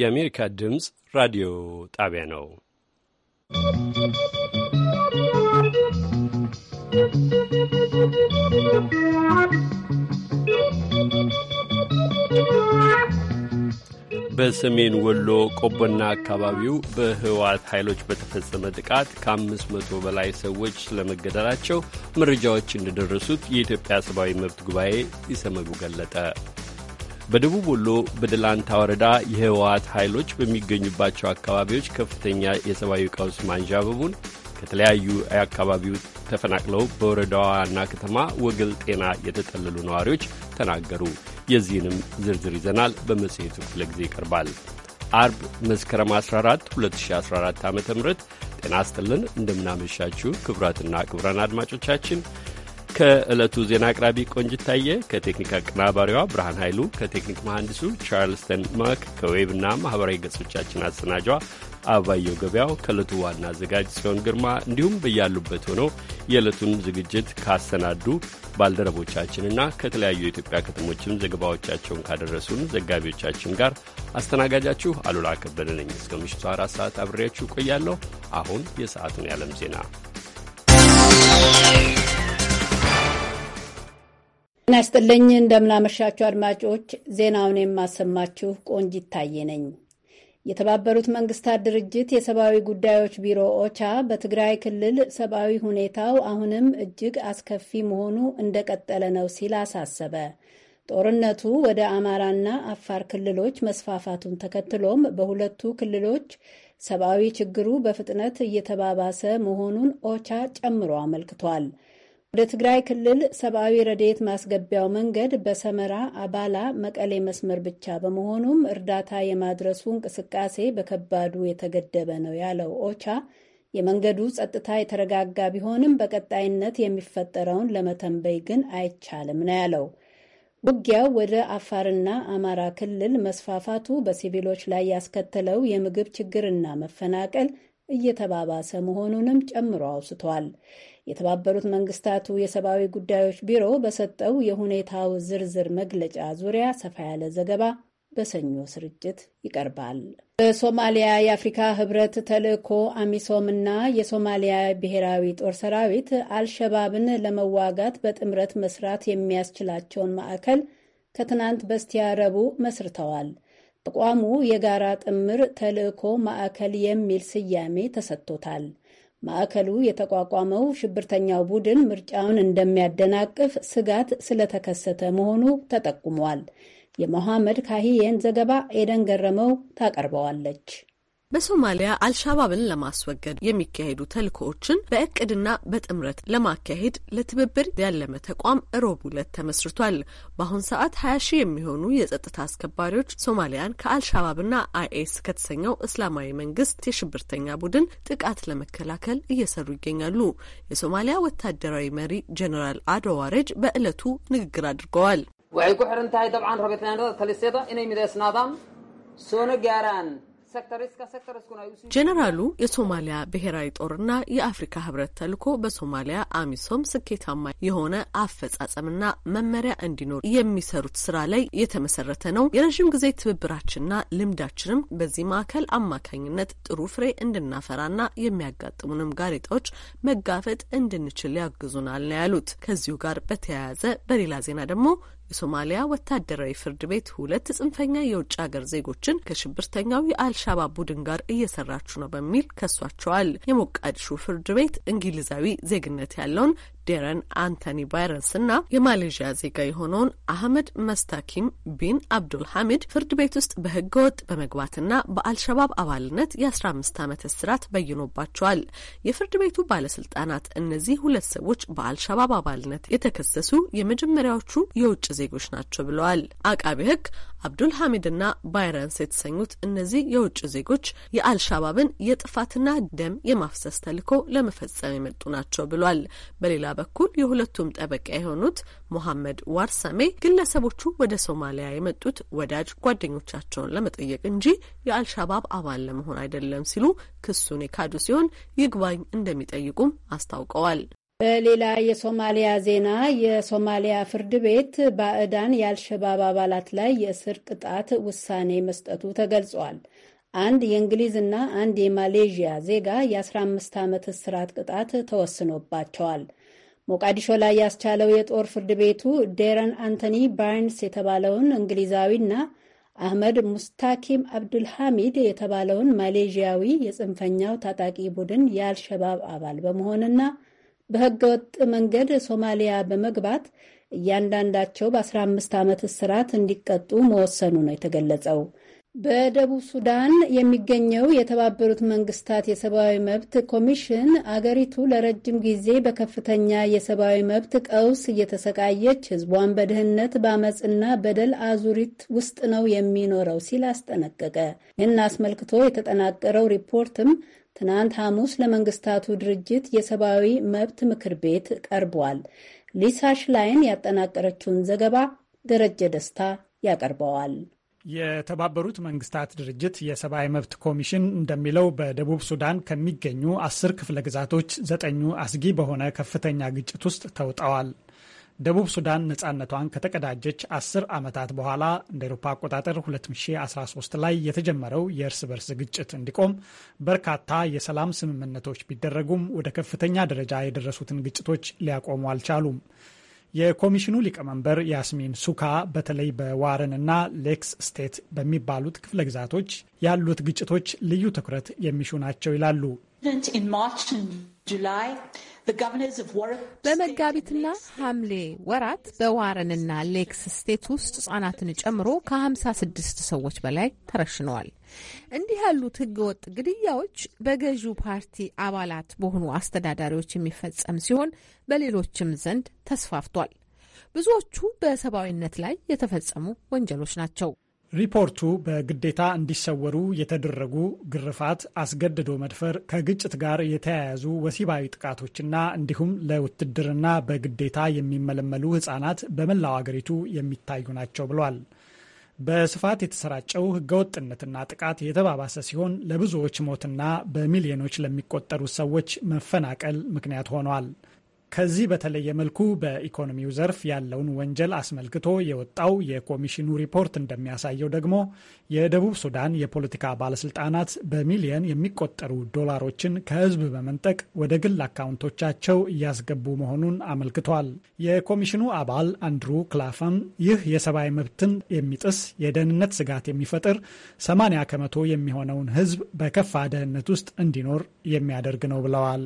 የአሜሪካ ድምፅ ራዲዮ ጣቢያ ነው። በሰሜን ወሎ ቆቦና አካባቢው በህወሓት ኃይሎች በተፈጸመ ጥቃት ከአምስት መቶ በላይ ሰዎች ስለመገደላቸው መረጃዎች እንደደረሱት የኢትዮጵያ ሰብአዊ መብት ጉባኤ ኢሰመጉ ገለጠ። በደቡብ ወሎ በደላንታ ወረዳ የህወሀት ኃይሎች በሚገኙባቸው አካባቢዎች ከፍተኛ የሰብአዊ ቀውስ ማንዣበቡን ከተለያዩ አካባቢው ተፈናቅለው በወረዳዋ ዋና ከተማ ወገል ጤና የተጠለሉ ነዋሪዎች ተናገሩ። የዚህንም ዝርዝር ይዘናል በመጽሔቱ ክፍለ ጊዜ ይቀርባል። አርብ መስከረም 14 2014 ዓ ም ጤና ስጥልን፣ እንደምናመሻችሁ ክቡራትና ክቡራን አድማጮቻችን ከዕለቱ ዜና አቅራቢ ቆንጅታየ፣ ከቴክኒክ አቀናባሪዋ ብርሃን ኃይሉ፣ ከቴክኒክ መሐንዲሱ ቻርልስተን ማክ፣ ከዌብና ማኅበራዊ ገጾቻችን አሰናጇ አባየው ገበያው፣ ከዕለቱ ዋና አዘጋጅ ጽዮን ግርማ እንዲሁም በያሉበት ሆነው የዕለቱን ዝግጅት ካሰናዱ ባልደረቦቻችንና ከተለያዩ የኢትዮጵያ ከተሞችም ዘገባዎቻቸውን ካደረሱን ዘጋቢዎቻችን ጋር አስተናጋጃችሁ አሉላ ከበደ ነኝ። እስከ ምሽቱ አራት ሰዓት አብሬያችሁ ቆያለሁ። አሁን የሰዓቱን የዓለም ዜና ጤና ይስጥልኝ እንደምናመሻችሁ አድማጮች፣ ዜናውን የማሰማችሁ ቆንጅ ይታየ ነኝ። የተባበሩት መንግስታት ድርጅት የሰብአዊ ጉዳዮች ቢሮ ኦቻ በትግራይ ክልል ሰብአዊ ሁኔታው አሁንም እጅግ አስከፊ መሆኑ እንደቀጠለ ነው ሲል አሳሰበ። ጦርነቱ ወደ አማራና አፋር ክልሎች መስፋፋቱን ተከትሎም በሁለቱ ክልሎች ሰብአዊ ችግሩ በፍጥነት እየተባባሰ መሆኑን ኦቻ ጨምሮ አመልክቷል። ወደ ትግራይ ክልል ሰብአዊ ረድኤት ማስገቢያው መንገድ በሰመራ አባላ፣ መቀሌ መስመር ብቻ በመሆኑም እርዳታ የማድረሱ እንቅስቃሴ በከባዱ የተገደበ ነው ያለው ኦቻ የመንገዱ ጸጥታ የተረጋጋ ቢሆንም በቀጣይነት የሚፈጠረውን ለመተንበይ ግን አይቻልም ነው ያለው። ውጊያው ወደ አፋርና አማራ ክልል መስፋፋቱ በሲቪሎች ላይ ያስከተለው የምግብ ችግርና መፈናቀል እየተባባሰ መሆኑንም ጨምሮ አውስቷል። የተባበሩት መንግስታቱ የሰብአዊ ጉዳዮች ቢሮ በሰጠው የሁኔታው ዝርዝር መግለጫ ዙሪያ ሰፋ ያለ ዘገባ በሰኞ ስርጭት ይቀርባል። በሶማሊያ የአፍሪካ ህብረት ተልዕኮ አሚሶም እና የሶማሊያ ብሔራዊ ጦር ሰራዊት አልሸባብን ለመዋጋት በጥምረት መስራት የሚያስችላቸውን ማዕከል ከትናንት በስቲያ ረቡዕ መስርተዋል። ተቋሙ የጋራ ጥምር ተልዕኮ ማዕከል የሚል ስያሜ ተሰጥቶታል። ማዕከሉ የተቋቋመው ሽብርተኛው ቡድን ምርጫውን እንደሚያደናቅፍ ስጋት ስለተከሰተ መሆኑ ተጠቁሟል። የመሐመድ ካሂየን ዘገባ ኤደን ገረመው ታቀርበዋለች። በሶማሊያ አልሻባብን ለማስወገድ የሚካሄዱ ተልእኮዎችን በእቅድና በጥምረት ለማካሄድ ለትብብር ያለመ ተቋም ሮብ ዕለት ተመስርቷል። በአሁን ሰዓት ሀያ ሺህ የሚሆኑ የጸጥታ አስከባሪዎች ሶማሊያን ከአልሻባብና አይኤስ ከተሰኘው እስላማዊ መንግስት የሽብርተኛ ቡድን ጥቃት ለመከላከል እየሰሩ ይገኛሉ። የሶማሊያ ወታደራዊ መሪ ጀኔራል አዶዋሬጅ በዕለቱ ንግግር አድርገዋል። ወይ ku xidhan tahay dabcan rabitaanada talisada inay mideysnaadaan ጀነራሉ የሶማሊያ ብሔራዊ ጦርና የአፍሪካ ህብረት ተልኮ በሶማሊያ አሚሶም ስኬታማ የሆነ አፈጻጸምና መመሪያ እንዲኖር የሚሰሩት ስራ ላይ የተመሰረተ ነው። የረዥም ጊዜ ትብብራችንና ልምዳችንም በዚህ ማዕከል አማካኝነት ጥሩ ፍሬ እንድናፈራና የሚያጋጥሙንም ጋሬጣዎች መጋፈጥ እንድንችል ያግዙናል ነው ያሉት። ከዚሁ ጋር በተያያዘ በሌላ ዜና ደግሞ የሶማሊያ ወታደራዊ ፍርድ ቤት ሁለት ጽንፈኛ የውጭ ሀገር ዜጎችን ከሽብርተኛው የአልሻባብ ቡድን ጋር እየሰራችሁ ነው በሚል ከሷቸዋል። የሞቃዲሾ ፍርድ ቤት እንግሊዛዊ ዜግነት ያለውን ዴረን አንቶኒ እና የማሌዥያ ዜጋ የሆነውን አህመድ መስታኪም ቢን አብዱል ሐሚድ ፍርድ ቤት ውስጥ በህገወጥ በመግባትና በአልሸባብ አባልነት የአስራ አምስት ዓመት እስራት በይኖባቸዋል። የፍርድ ቤቱ ባለስልጣናት እነዚህ ሁለት ሰዎች በአልሸባብ አባልነት የተከሰሱ የመጀመሪያዎቹ የውጭ ዜጎች ናቸው ብለዋል። አቃቢ ህግ አብዱል ሐሚድና ባይረንስ የተሰኙት እነዚህ የውጭ ዜጎች የአልሻባብን የጥፋትና ደም የማፍሰስ ተልኮ ለመፈጸም የመጡ ናቸው ብሏል። በሌላ በኩል የሁለቱም ጠበቃ የሆኑት ሞሐመድ ዋርሳሜ ግለሰቦቹ ወደ ሶማሊያ የመጡት ወዳጅ ጓደኞቻቸውን ለመጠየቅ እንጂ የአልሻባብ አባል ለመሆን አይደለም ሲሉ ክሱን የካዱ ሲሆን ይግባኝ እንደሚጠይቁም አስታውቀዋል። በሌላ የሶማሊያ ዜና የሶማሊያ ፍርድ ቤት ባዕዳን የአልሸባብ አባላት ላይ የእስር ቅጣት ውሳኔ መስጠቱ ተገልጿል። አንድ የእንግሊዝና አንድ የማሌዥያ ዜጋ የ15 ዓመት እስራት ቅጣት ተወስኖባቸዋል። ሞቃዲሾ ላይ ያስቻለው የጦር ፍርድ ቤቱ ዴረን አንቶኒ ባርንስ የተባለውን እንግሊዛዊና አህመድ ሙስታኪም አብዱልሐሚድ የተባለውን ማሌዥያዊ የጽንፈኛው ታጣቂ ቡድን የአልሸባብ አባል በመሆንና በህገወጥ መንገድ ሶማሊያ በመግባት እያንዳንዳቸው በ15 ዓመት እስራት እንዲቀጡ መወሰኑ ነው የተገለጸው። በደቡብ ሱዳን የሚገኘው የተባበሩት መንግስታት የሰብአዊ መብት ኮሚሽን አገሪቱ ለረጅም ጊዜ በከፍተኛ የሰብአዊ መብት ቀውስ እየተሰቃየች ህዝቧን በድህነት በአመፅና በደል አዙሪት ውስጥ ነው የሚኖረው ሲል አስጠነቀቀ። ይህን አስመልክቶ የተጠናቀረው ሪፖርትም ትናንት ሐሙስ ለመንግስታቱ ድርጅት የሰብአዊ መብት ምክር ቤት ቀርቧል። ሊሳ ሽላይን ያጠናቀረችውን ዘገባ ደረጀ ደስታ ያቀርበዋል። የተባበሩት መንግስታት ድርጅት የሰብአዊ መብት ኮሚሽን እንደሚለው በደቡብ ሱዳን ከሚገኙ አስር ክፍለ ግዛቶች ዘጠኙ አስጊ በሆነ ከፍተኛ ግጭት ውስጥ ተውጠዋል። ደቡብ ሱዳን ነፃነቷን ከተቀዳጀች አስር ዓመታት በኋላ እንደ ኤሮፓ አቆጣጠር 2013 ላይ የተጀመረው የእርስ በርስ ግጭት እንዲቆም በርካታ የሰላም ስምምነቶች ቢደረጉም ወደ ከፍተኛ ደረጃ የደረሱትን ግጭቶች ሊያቆሙ አልቻሉም። የኮሚሽኑ ሊቀመንበር ያስሚን ሱካ በተለይ እና ሌክስ ስቴት በሚባሉት ክፍለ ግዛቶች ያሉት ግጭቶች ልዩ ትኩረት የሚሹ ናቸው ይላሉ። በመጋቢትና ሐምሌ ወራት በዋረንና ሌክስ ስቴት ውስጥ ህጻናትን ጨምሮ ከ56 ሰዎች በላይ ተረሽነዋል። እንዲህ ያሉት ህገወጥ ግድያዎች በገዢው ፓርቲ አባላት በሆኑ አስተዳዳሪዎች የሚፈጸም ሲሆን በሌሎችም ዘንድ ተስፋፍቷል። ብዙዎቹ በሰብአዊነት ላይ የተፈጸሙ ወንጀሎች ናቸው። ሪፖርቱ በግዴታ እንዲሰወሩ የተደረጉ ግርፋት፣ አስገድዶ መድፈር፣ ከግጭት ጋር የተያያዙ ወሲባዊ ጥቃቶችና እንዲሁም ለውትድርና በግዴታ የሚመለመሉ ህጻናት በመላው አገሪቱ የሚታዩ ናቸው ብሏል። በስፋት የተሰራጨው ህገወጥነትና ጥቃት የተባባሰ ሲሆን ለብዙዎች ሞትና በሚሊዮኖች ለሚቆጠሩ ሰዎች መፈናቀል ምክንያት ሆኗል። ከዚህ በተለየ መልኩ በኢኮኖሚው ዘርፍ ያለውን ወንጀል አስመልክቶ የወጣው የኮሚሽኑ ሪፖርት እንደሚያሳየው ደግሞ የደቡብ ሱዳን የፖለቲካ ባለስልጣናት በሚሊየን የሚቆጠሩ ዶላሮችን ከህዝብ በመንጠቅ ወደ ግል አካውንቶቻቸው እያስገቡ መሆኑን አመልክቷል። የኮሚሽኑ አባል አንድሩ ክላፈም ይህ የሰብአዊ መብትን የሚጥስ የደህንነት ስጋት የሚፈጥር 80 ከመቶ የሚሆነውን ህዝብ በከፋ ደህንነት ውስጥ እንዲኖር የሚያደርግ ነው ብለዋል።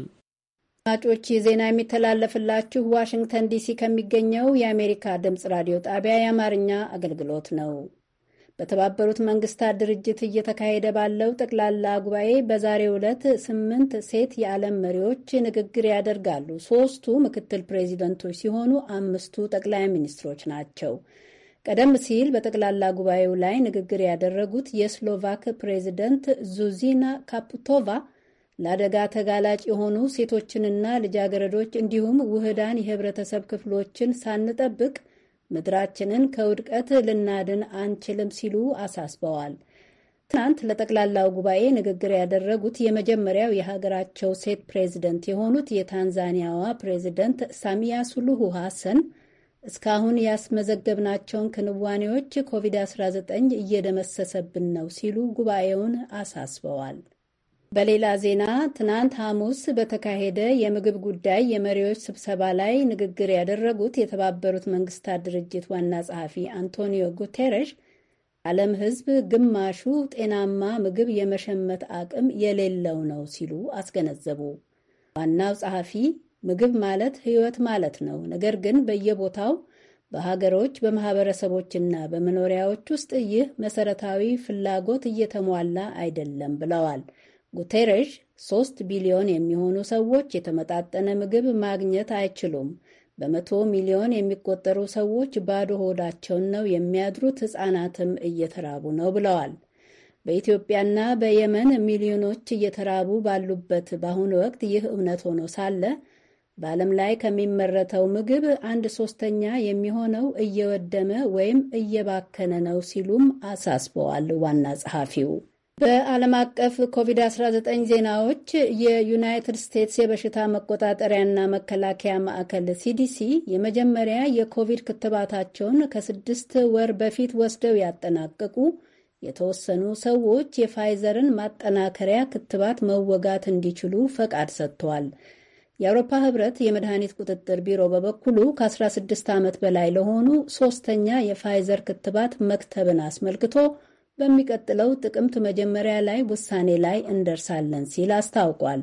አድማጮች ዜና የሚተላለፍላችሁ ዋሽንግተን ዲሲ ከሚገኘው የአሜሪካ ድምፅ ራዲዮ ጣቢያ የአማርኛ አገልግሎት ነው። በተባበሩት መንግስታት ድርጅት እየተካሄደ ባለው ጠቅላላ ጉባኤ በዛሬው ዕለት ስምንት ሴት የዓለም መሪዎች ንግግር ያደርጋሉ። ሶስቱ ምክትል ፕሬዚደንቶች ሲሆኑ አምስቱ ጠቅላይ ሚኒስትሮች ናቸው። ቀደም ሲል በጠቅላላ ጉባኤው ላይ ንግግር ያደረጉት የስሎቫክ ፕሬዚደንት ዙዚና ካፑቶቫ ለአደጋ ተጋላጭ የሆኑ ሴቶችንና ልጃገረዶች እንዲሁም ውህዳን የህብረተሰብ ክፍሎችን ሳንጠብቅ ምድራችንን ከውድቀት ልናድን አንችልም ሲሉ አሳስበዋል። ትናንት ለጠቅላላው ጉባኤ ንግግር ያደረጉት የመጀመሪያው የሀገራቸው ሴት ፕሬዝደንት የሆኑት የታንዛኒያዋ ፕሬዝደንት ሳሚያ ሱሉሁ ሐሰን እስካሁን ያስመዘገብናቸውን ክንዋኔዎች ኮቪድ-19 እየደመሰሰብን ነው ሲሉ ጉባኤውን አሳስበዋል። በሌላ ዜና ትናንት ሐሙስ በተካሄደ የምግብ ጉዳይ የመሪዎች ስብሰባ ላይ ንግግር ያደረጉት የተባበሩት መንግስታት ድርጅት ዋና ጸሐፊ አንቶኒዮ ጉቴረሽ ዓለም ሕዝብ ግማሹ ጤናማ ምግብ የመሸመት አቅም የሌለው ነው ሲሉ አስገነዘቡ። ዋናው ጸሐፊ ምግብ ማለት ሕይወት ማለት ነው፣ ነገር ግን በየቦታው በሀገሮች በማህበረሰቦችና በመኖሪያዎች ውስጥ ይህ መሰረታዊ ፍላጎት እየተሟላ አይደለም ብለዋል። ጉቴሬሽ ሶስት ቢሊዮን የሚሆኑ ሰዎች የተመጣጠነ ምግብ ማግኘት አይችሉም፣ በመቶ ሚሊዮን የሚቆጠሩ ሰዎች ባዶ ሆዳቸውን ነው የሚያድሩት፣ ሕፃናትም እየተራቡ ነው ብለዋል። በኢትዮጵያና በየመን ሚሊዮኖች እየተራቡ ባሉበት በአሁኑ ወቅት ይህ እውነት ሆኖ ሳለ በዓለም ላይ ከሚመረተው ምግብ አንድ ሶስተኛ የሚሆነው እየወደመ ወይም እየባከነ ነው ሲሉም አሳስበዋል ዋና ጸሐፊው። በዓለም አቀፍ ኮቪድ-19 ዜናዎች የዩናይትድ ስቴትስ የበሽታ መቆጣጠሪያና መከላከያ ማዕከል ሲዲሲ የመጀመሪያ የኮቪድ ክትባታቸውን ከስድስት ወር በፊት ወስደው ያጠናቀቁ የተወሰኑ ሰዎች የፋይዘርን ማጠናከሪያ ክትባት መወጋት እንዲችሉ ፈቃድ ሰጥቷል። የአውሮፓ ህብረት የመድኃኒት ቁጥጥር ቢሮ በበኩሉ ከ16 ዓመት በላይ ለሆኑ ሶስተኛ የፋይዘር ክትባት መክተብን አስመልክቶ በሚቀጥለው ጥቅምት መጀመሪያ ላይ ውሳኔ ላይ እንደርሳለን ሲል አስታውቋል።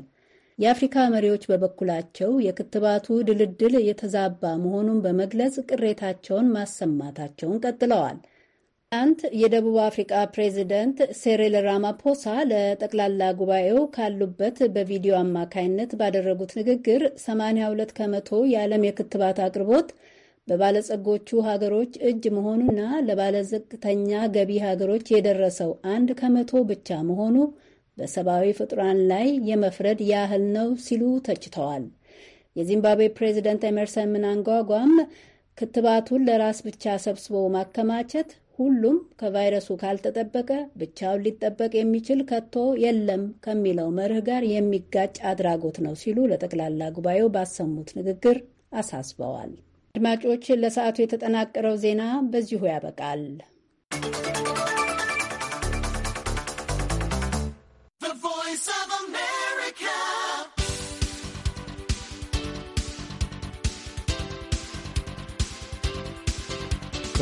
የአፍሪካ መሪዎች በበኩላቸው የክትባቱ ድልድል የተዛባ መሆኑን በመግለጽ ቅሬታቸውን ማሰማታቸውን ቀጥለዋል። አንት የደቡብ አፍሪካ ፕሬዚደንት ሴሪል ራማፖሳ ለጠቅላላ ጉባኤው ካሉበት በቪዲዮ አማካይነት ባደረጉት ንግግር 82 ከመቶ የዓለም የክትባት አቅርቦት በባለጸጎቹ ሀገሮች እጅ መሆኑና ለባለዝቅተኛ ገቢ ሀገሮች የደረሰው አንድ ከመቶ ብቻ መሆኑ በሰብአዊ ፍጡራን ላይ የመፍረድ ያህል ነው ሲሉ ተችተዋል። የዚምባብዌ ፕሬዚደንት ኤመርሰን ምናንጓጓም ክትባቱን ለራስ ብቻ ሰብስቦ ማከማቸት ሁሉም ከቫይረሱ ካልተጠበቀ ብቻውን ሊጠበቅ የሚችል ከቶ የለም ከሚለው መርህ ጋር የሚጋጭ አድራጎት ነው ሲሉ ለጠቅላላ ጉባኤው ባሰሙት ንግግር አሳስበዋል። አድማጮች፣ ለሰዓቱ የተጠናቀረው ዜና በዚሁ ያበቃል።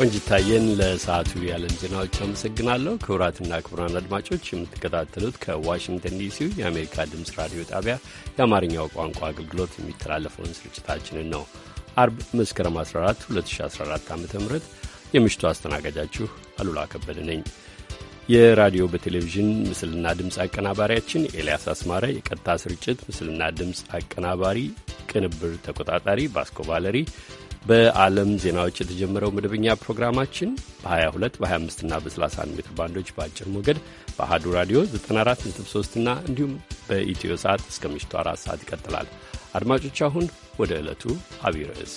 ቆንጅታየን ለሰዓቱ የዓለም ዜናዎች አመሰግናለሁ። ክቡራትና ክቡራን አድማጮች የምትከታተሉት ከዋሽንግተን ዲሲ የአሜሪካ ድምፅ ራዲዮ ጣቢያ የአማርኛው ቋንቋ አገልግሎት የሚተላለፈውን ስርጭታችንን ነው። አርብ መስከረም 14 2014 ዓ ም የምሽቱ አስተናጋጃችሁ አሉላ ከበደ ነኝ። የራዲዮ በቴሌቪዥን ምስልና ድምፅ አቀናባሪያችን ኤልያስ አስማረ፣ የቀጥታ ስርጭት ምስልና ድምፅ አቀናባሪ ቅንብር ተቆጣጣሪ ቫለሪ፣ በዓለም ዜናዎች የተጀመረው መደበኛ ፕሮግራማችን በ22 በ25 እና በ31 ሜትር ባንዶች በአጭር ሞገድ በአህዱ ራዲዮ 94.3 እና እንዲሁም በኢትዮ ሰዓት እስከ ምሽቱ አራት ሰዓት ይቀጥላል። አድማጮች አሁን ወደ ዕለቱ አብይ ርዕስ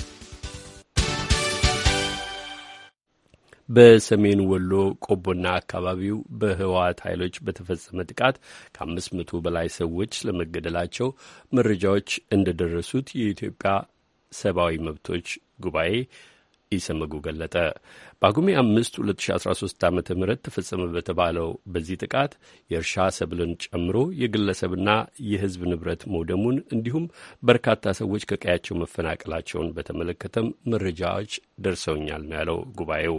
በሰሜን ወሎ ቆቦና አካባቢው በህወሓት ኃይሎች በተፈጸመ ጥቃት ከአምስት መቶ በላይ ሰዎች ለመገደላቸው መረጃዎች እንደደረሱት የኢትዮጵያ ሰብአዊ መብቶች ጉባኤ ኢሰመጉ ገለጠ። በጳጉሜ አምስት 2013 ዓ ም ተፈጸመ በተባለው በዚህ ጥቃት የእርሻ ሰብልን ጨምሮ የግለሰብና የሕዝብ ንብረት መውደሙን እንዲሁም በርካታ ሰዎች ከቀያቸው መፈናቀላቸውን በተመለከተም መረጃዎች ደርሰውኛል ነው ያለው ጉባኤው።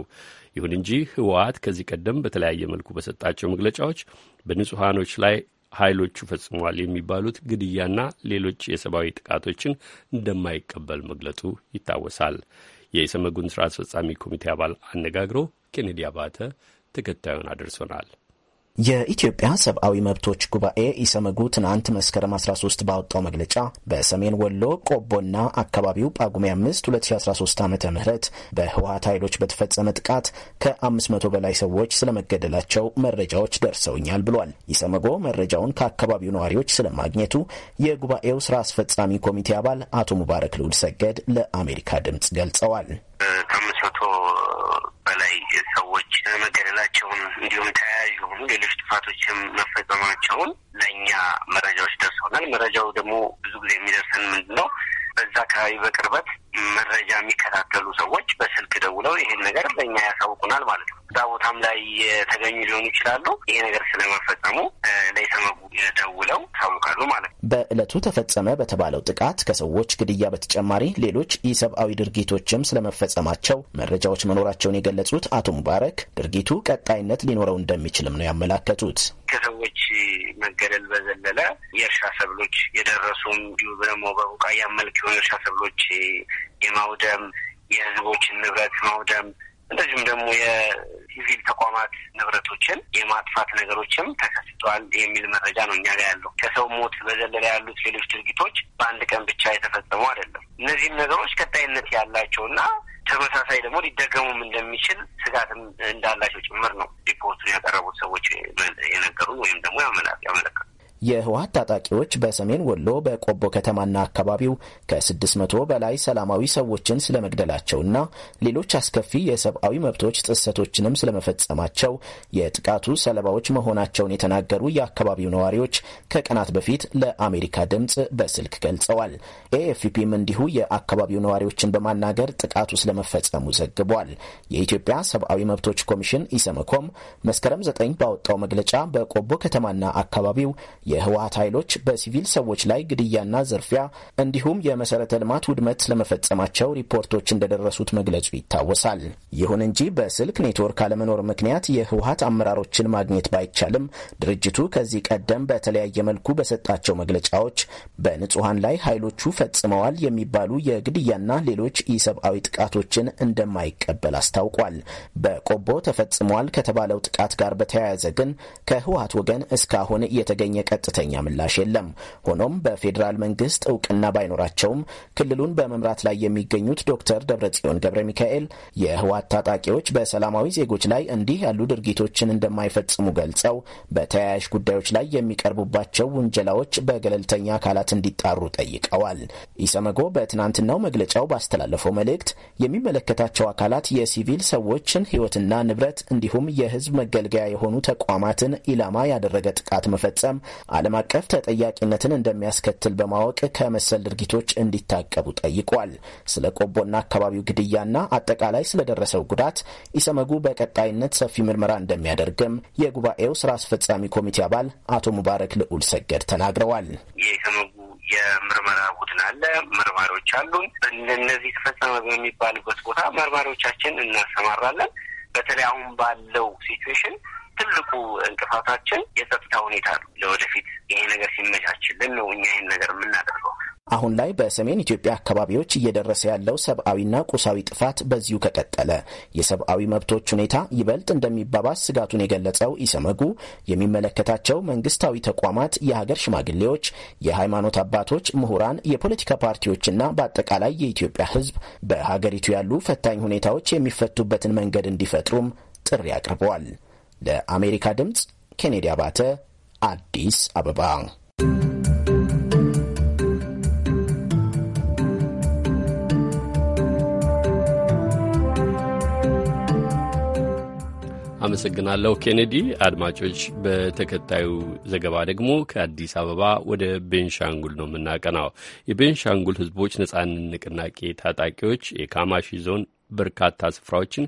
ይሁን እንጂ ህወሓት ከዚህ ቀደም በተለያየ መልኩ በሰጣቸው መግለጫዎች በንጹሐኖች ላይ ኃይሎቹ ፈጽሟል የሚባሉት ግድያና ሌሎች የሰብአዊ ጥቃቶችን እንደማይቀበል መግለጡ ይታወሳል። የኢሰመጉን ስራ አስፈጻሚ ኮሚቴ አባል አነጋግሮ ኬኔዲ አባተ ተከታዩን አድርሶናል። የኢትዮጵያ ሰብአዊ መብቶች ጉባኤ ኢሰመጉ ትናንት መስከረም 13 ባወጣው መግለጫ በሰሜን ወሎ ቆቦና አካባቢው ጳጉሜ 5 2013 ዓ ም በህወሀት ኃይሎች በተፈጸመ ጥቃት ከ500 በላይ ሰዎች ስለመገደላቸው መረጃዎች ደርሰውኛል ብሏል። ኢሰመጎ መረጃውን ከአካባቢው ነዋሪዎች ስለማግኘቱ የጉባኤው ስራ አስፈጻሚ ኮሚቴ አባል አቶ ሙባረክ ልውል ሰገድ ለአሜሪካ ድምፅ ገልጸዋል። በላይ ሰዎች መገደላቸውን እንዲሁም ተያያዥ የሆኑ ሌሎች ጥፋቶችም መፈጸማቸውን ለእኛ መረጃዎች ደርሰውናል። መረጃው ደግሞ ብዙ ጊዜ የሚደርሰን ምንድን ነው? በዛ አካባቢ በቅርበት መረጃ የሚከታተሉ ሰዎች በስልክ ደውለው ይሄን ነገር ለእኛ ያሳውቁናል ማለት ነው። እዛ ቦታም ላይ የተገኙ ሊሆኑ ይችላሉ። ይሄ ነገር ስለመፈጸሙ ለኢሰመጉ ደውለው ታውቃሉ ማለት ነው። በእለቱ ተፈጸመ በተባለው ጥቃት ከሰዎች ግድያ በተጨማሪ ሌሎች ኢሰብአዊ ድርጊቶችም ስለመፈጸማቸው መረጃዎች መኖራቸውን የገለጹት አቶ ሙባረክ ድርጊቱ ቀጣይነት ሊኖረው እንደሚችልም ነው ያመላከቱት። ከሰዎች መገደል በዘለለ የእርሻ ሰብሎች የደረሱም እንዲሁ ደግሞ በቡቃያ መልክ የሆኑ እርሻ ሰብሎች የማውደም የህዝቦችን ንብረት ማውደም እንደዚሁም ደግሞ የሲቪል ተቋማት ንብረቶችን የማጥፋት ነገሮችም ተከስተዋል የሚል መረጃ ነው እኛ ጋር ያለው። ከሰው ሞት በዘለለ ያሉት ሌሎች ድርጊቶች በአንድ ቀን ብቻ የተፈጸሙ አይደለም። እነዚህም ነገሮች ቀጣይነት እና ተመሳሳይ ደግሞ ሊደገሙም እንደሚችል ስጋትም እንዳላቸው ጭምር ነው ሪፖርቱን ያቀረቡት ሰዎች የነገሩን ወይም ደግሞ ያመለከቱ የህወሀት ታጣቂዎች በሰሜን ወሎ በቆቦ ከተማና አካባቢው ከ600 በላይ ሰላማዊ ሰዎችን ስለመግደላቸውና ሌሎች አስከፊ የሰብአዊ መብቶች ጥሰቶችንም ስለመፈጸማቸው የጥቃቱ ሰለባዎች መሆናቸውን የተናገሩ የአካባቢው ነዋሪዎች ከቀናት በፊት ለአሜሪካ ድምፅ በስልክ ገልጸዋል። ኤኤፍፒም እንዲሁ የአካባቢው ነዋሪዎችን በማናገር ጥቃቱ ስለመፈጸሙ ዘግቧል። የኢትዮጵያ ሰብአዊ መብቶች ኮሚሽን ኢሰመኮም መስከረም 9 ባወጣው መግለጫ በቆቦ ከተማና አካባቢው የህወሀት ኃይሎች በሲቪል ሰዎች ላይ ግድያና ዝርፊያ እንዲሁም የመሰረተ ልማት ውድመት ለመፈጸማቸው ሪፖርቶች እንደደረሱት መግለጹ ይታወሳል። ይሁን እንጂ በስልክ ኔትወርክ አለመኖር ምክንያት የህወሀት አመራሮችን ማግኘት ባይቻልም ድርጅቱ ከዚህ ቀደም በተለያየ መልኩ በሰጣቸው መግለጫዎች በንጹሐን ላይ ኃይሎቹ ፈጽመዋል የሚባሉ የግድያና ሌሎች ኢሰብአዊ ጥቃቶችን እንደማይቀበል አስታውቋል። በቆቦ ተፈጽመዋል ከተባለው ጥቃት ጋር በተያያዘ ግን ከህወሀት ወገን እስካሁን የተገኘ ቀጥተኛ ምላሽ የለም። ሆኖም በፌዴራል መንግስት እውቅና ባይኖራቸውም ክልሉን በመምራት ላይ የሚገኙት ዶክተር ደብረጽዮን ገብረ ሚካኤል የህወሓት ታጣቂዎች በሰላማዊ ዜጎች ላይ እንዲህ ያሉ ድርጊቶችን እንደማይፈጽሙ ገልጸው በተያያዥ ጉዳዮች ላይ የሚቀርቡባቸው ውንጀላዎች በገለልተኛ አካላት እንዲጣሩ ጠይቀዋል። ኢሰመጎ በትናንትናው መግለጫው ባስተላለፈው መልእክት የሚመለከታቸው አካላት የሲቪል ሰዎችን ህይወትና ንብረት እንዲሁም የህዝብ መገልገያ የሆኑ ተቋማትን ኢላማ ያደረገ ጥቃት መፈጸም ዓለም አቀፍ ተጠያቂነትን እንደሚያስከትል በማወቅ ከመሰል ድርጊቶች እንዲታቀቡ ጠይቋል። ስለ ቆቦና አካባቢው ግድያና አጠቃላይ ስለደረሰው ጉዳት ኢሰመጉ በቀጣይነት ሰፊ ምርመራ እንደሚያደርግም የጉባኤው ስራ አስፈጻሚ ኮሚቴ አባል አቶ ሙባረክ ልዑል ሰገድ ተናግረዋል። የኢሰመጉ የምርመራ ቡድን አለ፣ መርማሪዎች አሉን። እነዚህ ተፈጸመ በሚባልበት ቦታ መርማሪዎቻችን እናሰማራለን። በተለይ አሁን ባለው ሲትዌሽን ትልቁ እንቅፋታችን የጸጥታ ሁኔታ ነው። ለወደፊት ይሄ ነገር ሲመቻችልን ነው እኛ ይህን ነገር የምናደርገው። አሁን ላይ በሰሜን ኢትዮጵያ አካባቢዎች እየደረሰ ያለው ሰብአዊና ቁሳዊ ጥፋት በዚሁ ከቀጠለ የሰብአዊ መብቶች ሁኔታ ይበልጥ እንደሚባባስ ስጋቱን የገለጸው ኢሰመጉ የሚመለከታቸው መንግስታዊ ተቋማት፣ የሀገር ሽማግሌዎች፣ የሃይማኖት አባቶች፣ ምሁራን፣ የፖለቲካ ፓርቲዎችና በአጠቃላይ የኢትዮጵያ ሕዝብ በሀገሪቱ ያሉ ፈታኝ ሁኔታዎች የሚፈቱበትን መንገድ እንዲፈጥሩም ጥሪ አቅርበዋል። ለአሜሪካ ድምፅ ኬኔዲ አባተ አዲስ አበባ። አመሰግናለሁ ኬኔዲ። አድማጮች፣ በተከታዩ ዘገባ ደግሞ ከአዲስ አበባ ወደ ቤንሻንጉል ነው የምናቀናው። የቤንሻንጉል ሕዝቦች ነጻነት ንቅናቄ ታጣቂዎች የካማሺ ዞን በርካታ ስፍራዎችን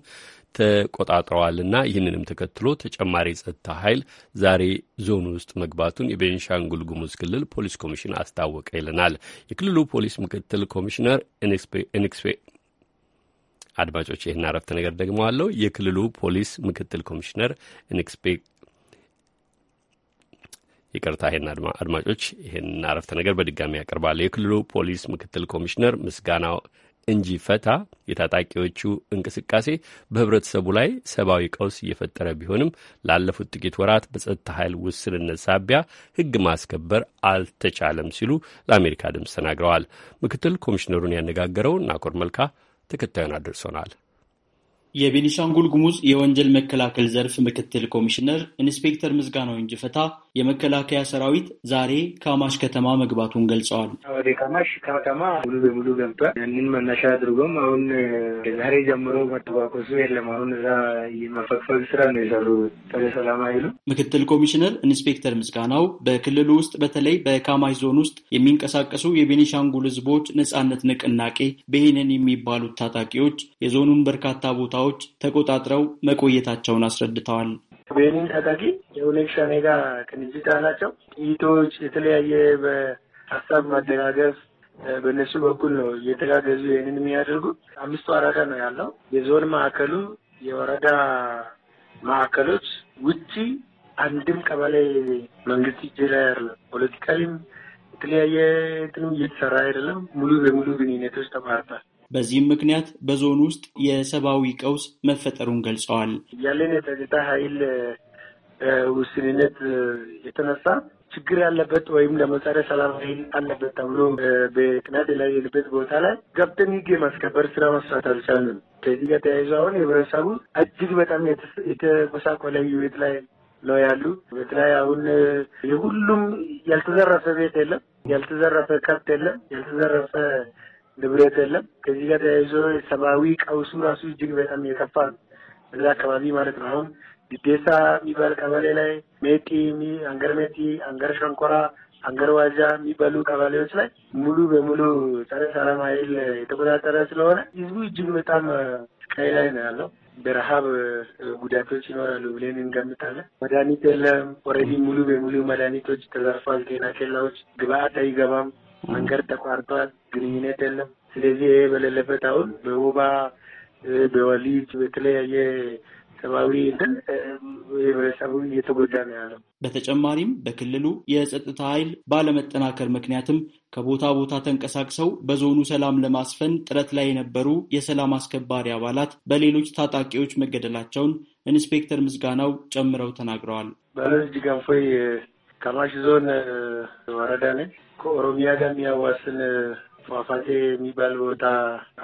ተቆጣጥረዋልና ይህንንም ተከትሎ ተጨማሪ ጸጥታ ኃይል ዛሬ ዞኑ ውስጥ መግባቱን የቤንሻንጉል ጉሙዝ ክልል ፖሊስ ኮሚሽን አስታወቀ ይለናል የክልሉ ፖሊስ ምክትል ኮሚሽነር ኤንክስፔ አድማጮች ይህን አረፍተ ነገር ደግመዋለሁ። የክልሉ ፖሊስ ምክትል ኮሚሽነር ኢንክስፔ ይቅርታ፣ ይህን አድማጮች ይህን አረፍተ ነገር በድጋሚ ያቀርባለሁ። የክልሉ ፖሊስ ምክትል ኮሚሽነር ምስጋናው እንጂ ፈታ የታጣቂዎቹ እንቅስቃሴ በህብረተሰቡ ላይ ሰብአዊ ቀውስ እየፈጠረ ቢሆንም ላለፉት ጥቂት ወራት በጸጥታ ኃይል ውስንነት ሳቢያ ህግ ማስከበር አልተቻለም ሲሉ ለአሜሪካ ድምፅ ተናግረዋል። ምክትል ኮሚሽነሩን ያነጋገረው ናኮር መልካ ተከታዩን አድርሶናል። የቤኒሻንጉል ጉሙዝ የወንጀል መከላከል ዘርፍ ምክትል ኮሚሽነር ኢንስፔክተር ምዝጋናው እንጅፈታ የመከላከያ ሰራዊት ዛሬ ከአማሽ ከተማ መግባቱን ገልጸዋል። ወደ ከማሽ ከተማ ሙሉ በሙሉ ገብቷል። ያንን መነሻ አድርጎም አሁን ዛሬ ጀምሮ መተባኮሱ የለም። አሁን እዛ የመፈግፈግ ስራ ነው የሰሩ ሰላም አይሉ ምክትል ኮሚሽነር ኢንስፔክተር ምዝጋናው በክልሉ ውስጥ በተለይ በካማሽ ዞን ውስጥ የሚንቀሳቀሱ የቤኒሻንጉል ህዝቦች ነጻነት ንቅናቄ ብሄንን የሚባሉት ታጣቂዎች የዞኑን በርካታ ቦታ ቦታዎች ተቆጣጥረው መቆየታቸውን አስረድተዋል። ቤኒን ታጣቂ የኦነግ ሸኔ ጋር ቅንጅት አላቸው። ጥይቶች፣ የተለያየ በሀሳብ ማደጋገፍ በእነሱ በኩል ነው እየተጋገዙ ይህንን የሚያደርጉ አምስቱ ወረዳ ነው ያለው። የዞን ማዕከሉ የወረዳ ማዕከሎች ውጪ አንድም ቀበሌ መንግስት እጅ ላይ ያለ ፖለቲካዊም የተለያየ ትንም እየተሰራ አይደለም። ሙሉ በሙሉ ግንኙነቶች ተቋርጧል። በዚህም ምክንያት በዞኑ ውስጥ የሰብአዊ ቀውስ መፈጠሩን ገልጸዋል። ያለን የጸጥታ ኃይል ውስንነት የተነሳ ችግር ያለበት ወይም ለመጻሪያ ሰላም ኃይል አለበት ተብሎ በቅናት የላየንበት ቦታ ላይ ገብተን ህግ የማስከበር ስራ መስራት አልቻልንም። ከዚህ ጋር ተያይዞ አሁን ህብረተሰቡ እጅግ በጣም የተጎሳቆለ ህይወት ላይ ነው ያሉ። በተለይ አሁን የሁሉም ያልተዘረፈ ቤት የለም፣ ያልተዘረፈ ከብት የለም፣ ያልተዘረፈ ንብረት የለም። ከዚህ ጋር ተያይዞ ሰብአዊ ቀውሱ ራሱ እጅግ በጣም የከፋ ነው፣ እዛ አካባቢ ማለት ነው። አሁን ግዴሳ የሚባል ቀበሌ ላይ ሜቲ፣ አንገር ሜቲ፣ አንገር ሸንኮራ፣ አንገር ዋጃ የሚባሉ ቀበሌዎች ላይ ሙሉ በሙሉ ጸረ ሰላም ኃይል የተቆጣጠረ ስለሆነ ህዝቡ እጅግ በጣም ቀይ ላይ ነው ያለው። በረሃብ ጉዳቶች ይኖራሉ ብለን እንገምታለን። መድኃኒት የለም። ኦልሬዲ ሙሉ በሙሉ መድኃኒቶች ተዘርፏል። ጤና ኬላዎች ግብአት አይገባም። መንገድ ተቋርጧል፣ ግንኙነት የለም። ስለዚህ ይሄ በሌለበት አሁን በወባ በወሊድ በተለያየ ሰብአዊ ህብረተሰቡ እየተጎዳ ነው ያለው። በተጨማሪም በክልሉ የጸጥታ ኃይል ባለመጠናከር ምክንያትም ከቦታ ቦታ ተንቀሳቅሰው በዞኑ ሰላም ለማስፈን ጥረት ላይ የነበሩ የሰላም አስከባሪ አባላት በሌሎች ታጣቂዎች መገደላቸውን ኢንስፔክተር ምስጋናው ጨምረው ተናግረዋል። ባለጅ ጋንፎይ ከማሽ ዞን ወረዳ ነኝ። ከኦሮሚያ ጋር የሚያዋስን ፏፏቴ የሚባል ቦታ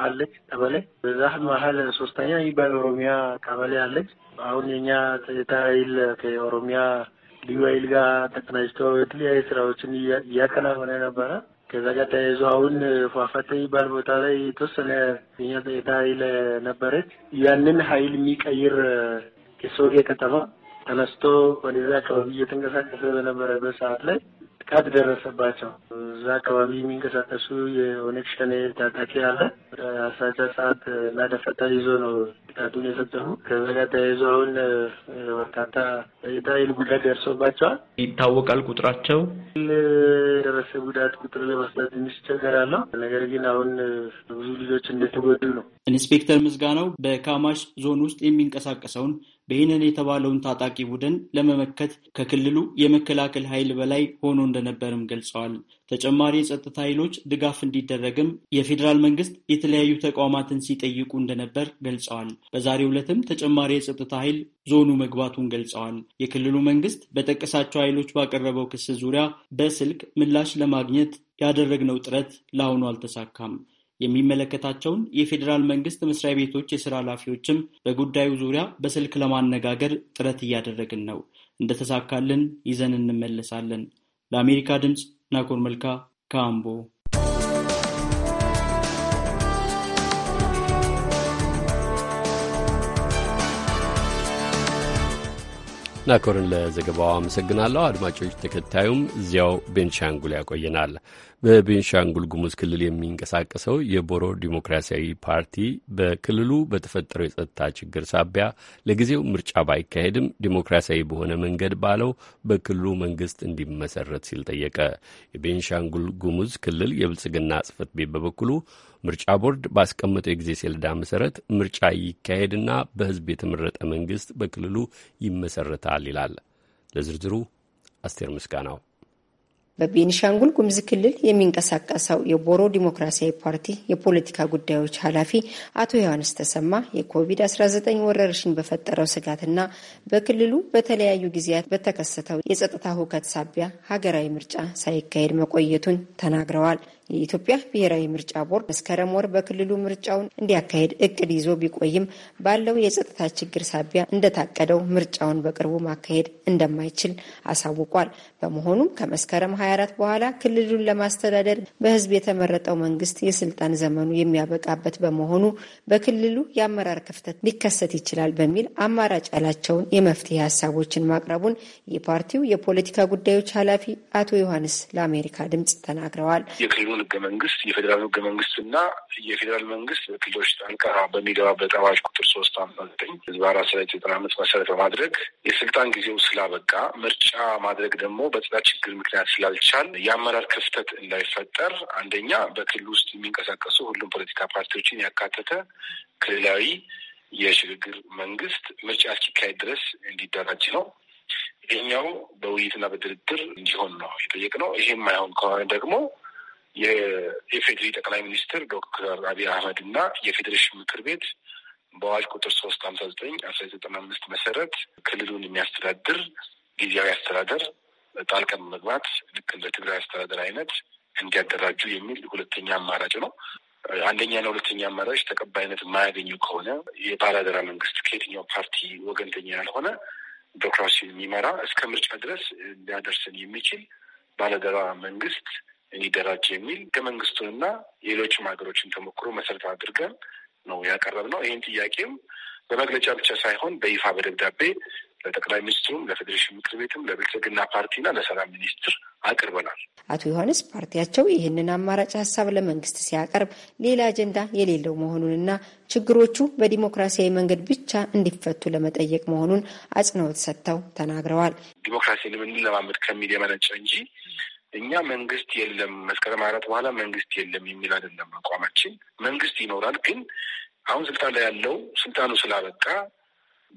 አለች ቀበሌ። በዛ መሀል ሶስተኛ የሚባል ኦሮሚያ ቀበሌ አለች። አሁን የኛ ጸጥታ ኃይል ከኦሮሚያ ልዩ ኃይል ጋር ተቀናጅቶ የተለያዩ ስራዎችን እያከናወነ ነበረ። ከዛ ጋር ተያይዞ አሁን ፏፏቴ የሚባል ቦታ ላይ የተወሰነ የኛ ጸጥታ ኃይል ነበረች። ያንን ኃይል የሚቀይር የሶጌ ከተማ ተነስቶ ወደዛ አካባቢ እየተንቀሳቀሰ በነበረበት ሰዓት ላይ ጥቃት ደረሰባቸው። እዛ አካባቢ የሚንቀሳቀሱ የኦነግ ሸኔ ታጣቂ አለ። ወደ አስራ ሰዓት ላደፈጣ ይዞ ነው ጥቃቱን የፈጸሙ። ከዛ ጋር ተያይዞ አሁን በርካታ የታይል ጉዳት ደርሶባቸዋል። ይታወቃል ቁጥራቸው የደረሰ ጉዳት ቁጥር ለመስጠት ትንሽ ቸገራለሁ። ነገር ግን አሁን ብዙ ልጆች እንደተጎዱ ነው። ኢንስፔክተር ምዝጋናው በካማሽ ዞን ውስጥ የሚንቀሳቀሰውን በይነን የተባለውን ታጣቂ ቡድን ለመመከት ከክልሉ የመከላከል ኃይል በላይ ሆኖ እንደነበርም ገልጸዋል። ተጨማሪ የጸጥታ ኃይሎች ድጋፍ እንዲደረግም የፌዴራል መንግስት የተለያዩ ተቋማትን ሲጠይቁ እንደነበር ገልጸዋል። በዛሬው ዕለትም ተጨማሪ የጸጥታ ኃይል ዞኑ መግባቱን ገልጸዋል። የክልሉ መንግስት በጠቀሳቸው ኃይሎች ባቀረበው ክስ ዙሪያ በስልክ ምላሽ ለማግኘት ያደረግነው ጥረት ለአሁኑ አልተሳካም። የሚመለከታቸውን የፌዴራል መንግስት መስሪያ ቤቶች የስራ ኃላፊዎችም በጉዳዩ ዙሪያ በስልክ ለማነጋገር ጥረት እያደረግን ነው። እንደተሳካልን ይዘን እንመለሳለን። ለአሜሪካ ድምፅ ናኮር መልካ ካምቦ። ናኮርን ለዘገባው አመሰግናለሁ። አድማጮች፣ ተከታዩም እዚያው ቤንሻንጉል ያቆየናል። በቤንሻንጉል ጉሙዝ ክልል የሚንቀሳቀሰው የቦሮ ዲሞክራሲያዊ ፓርቲ በክልሉ በተፈጠረው የጸጥታ ችግር ሳቢያ ለጊዜው ምርጫ ባይካሄድም ዲሞክራሲያዊ በሆነ መንገድ ባለው በክልሉ መንግስት እንዲመሰረት ሲል ጠየቀ። የቤንሻንጉል ጉሙዝ ክልል የብልጽግና ጽህፈት ቤት በበኩሉ ምርጫ ቦርድ ባስቀመጠው የጊዜ ሰሌዳ መሰረት ምርጫ ይካሄድና በህዝብ የተመረጠ መንግስት በክልሉ ይመሰረታል ይላል። ለዝርዝሩ አስቴር ምስጋናው። በቤኒሻንጉል ጉምዝ ክልል የሚንቀሳቀሰው የቦሮ ዲሞክራሲያዊ ፓርቲ የፖለቲካ ጉዳዮች ኃላፊ አቶ ዮሐንስ ተሰማ የኮቪድ-19 ወረርሽኝ በፈጠረው ስጋትና በክልሉ በተለያዩ ጊዜያት በተከሰተው የጸጥታ ሁከት ሳቢያ ሀገራዊ ምርጫ ሳይካሄድ መቆየቱን ተናግረዋል። የኢትዮጵያ ብሔራዊ ምርጫ ቦርድ መስከረም ወር በክልሉ ምርጫውን እንዲያካሄድ እቅድ ይዞ ቢቆይም ባለው የጸጥታ ችግር ሳቢያ እንደታቀደው ምርጫውን በቅርቡ ማካሄድ እንደማይችል አሳውቋል። በመሆኑም ከመስከረም 24 በኋላ ክልሉን ለማስተዳደር በህዝብ የተመረጠው መንግስት የስልጣን ዘመኑ የሚያበቃበት በመሆኑ በክልሉ የአመራር ክፍተት ሊከሰት ይችላል በሚል አማራጭ ያላቸውን የመፍትሄ ሀሳቦችን ማቅረቡን የፓርቲው የፖለቲካ ጉዳዮች ኃላፊ አቶ ዮሐንስ ለአሜሪካ ድምጽ ተናግረዋል። የክልሉን ህገ መንግስት የፌዴራል ህገ መንግስት እና የፌዴራል መንግስት ክልሎች ጣልቃ በሚገባበት አዋጅ ቁጥር ሶስት አምሳ ዘጠኝ ህዝብ አራት ስለ ዘጠና አምስት መሰረት በማድረግ የስልጣን ጊዜው ስላበቃ ምርጫ ማድረግ ደግሞ በጽዳት ችግር ምክንያት ስላልቻል የአመራር ክፍተት እንዳይፈጠር አንደኛ በክልል ውስጥ የሚንቀሳቀሱ ሁሉም ፖለቲካ ፓርቲዎችን ያካተተ ክልላዊ የሽግግር መንግስት ምርጫ እስኪካሄድ ድረስ እንዲደራጅ ነው። ይህኛው በውይይትና በድርድር እንዲሆን ነው የጠየቅነው። ይሄ የማይሆን ከሆነ ደግሞ የኢፌዴሪ ጠቅላይ ሚኒስትር ዶክተር አብይ አህመድ እና የፌዴሬሽን ምክር ቤት በአዋጅ ቁጥር ሶስት ሀምሳ ዘጠኝ አስራ ዘጠና አምስት መሰረት ክልሉን የሚያስተዳድር ጊዜያዊ አስተዳደር ጣልቀን መግባት ልክ እንደ ትግራይ አስተዳደር አይነት እንዲያደራጁ የሚል ሁለተኛ አማራጭ ነው። አንደኛና ሁለተኛ አማራጭ ተቀባይነት የማያገኙ ከሆነ የባላደራ መንግስት ከየትኛው ፓርቲ ወገንተኛ ያልሆነ ቢሮክራሲን የሚመራ እስከ ምርጫ ድረስ ሊያደርሰን የሚችል ባላደራ መንግስት እንዲደራጅ የሚል ህገ መንግስቱንና ሌሎችም ሀገሮችን ተሞክሮ መሰረት አድርገን ነው ያቀረብ ነው። ይህን ጥያቄም በመግለጫ ብቻ ሳይሆን በይፋ በደብዳቤ ለጠቅላይ ሚኒስትሩም ለፌዴሬሽን ምክር ቤትም ለብልጽግና ፓርቲና ለሰላም ሚኒስትር አቅርበናል። አቶ ዮሐንስ ፓርቲያቸው ይህንን አማራጭ ሀሳብ ለመንግስት ሲያቀርብ ሌላ አጀንዳ የሌለው መሆኑንና ችግሮቹ በዲሞክራሲያዊ መንገድ ብቻ እንዲፈቱ ለመጠየቅ መሆኑን አጽንኦት ሰጥተው ተናግረዋል። ዲሞክራሲን የምንለማመድ ከሚል የመነጨ እንጂ እኛ መንግስት የለም መስከረም አራት በኋላ መንግስት የለም የሚል አይደለም አቋማችን። መንግስት ይኖራል፣ ግን አሁን ስልጣን ላይ ያለው ስልጣኑ ስላበቃ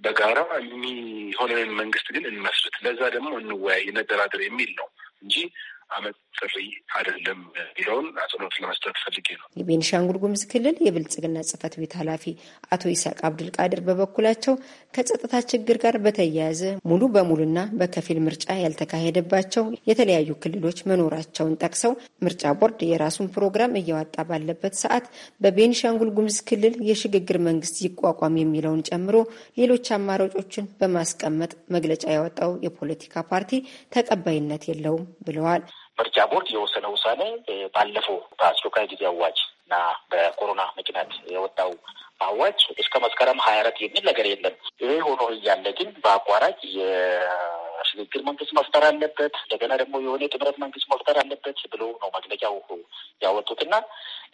በጋራ የሚሆነንን መንግስት ግን እንመስርት፣ ለዛ ደግሞ እንወያይ፣ እንደራደር የሚል ነው እንጂ አመት ጥሪ አይደለም ቢለውን አጽንኦት ለመስጠት ፈልጌ ነው። የቤንሻንጉል ጉምዝ ክልል የብልጽግና ጽህፈት ቤት ኃላፊ አቶ ይስቅ አብዱልቃድር በበኩላቸው ከጸጥታ ችግር ጋር በተያያዘ ሙሉ በሙሉና በከፊል ምርጫ ያልተካሄደባቸው የተለያዩ ክልሎች መኖራቸውን ጠቅሰው ምርጫ ቦርድ የራሱን ፕሮግራም እያወጣ ባለበት ሰዓት በቤኒሻንጉል ጉምዝ ክልል የሽግግር መንግስት ይቋቋም የሚለውን ጨምሮ ሌሎች አማራጮችን በማስቀመጥ መግለጫ ያወጣው የፖለቲካ ፓርቲ ተቀባይነት የለውም ብለዋል። ምርጫ ቦርድ የወሰነ ውሳኔ ባለፈው በአስቸኳይ ጊዜ አዋጅ እና በኮሮና ምክንያት የወጣው አዋጅ እስከ መስከረም ሀያ አራት የሚል ነገር የለም። ይሄ ሆኖ እያለ ግን በአቋራጭ የሽግግር መንግስት መፍጠር አለበት፣ እንደገና ደግሞ የሆነ ጥምረት መንግስት መፍጠር አለበት ብሎ ነው መግለጫው ያወጡትና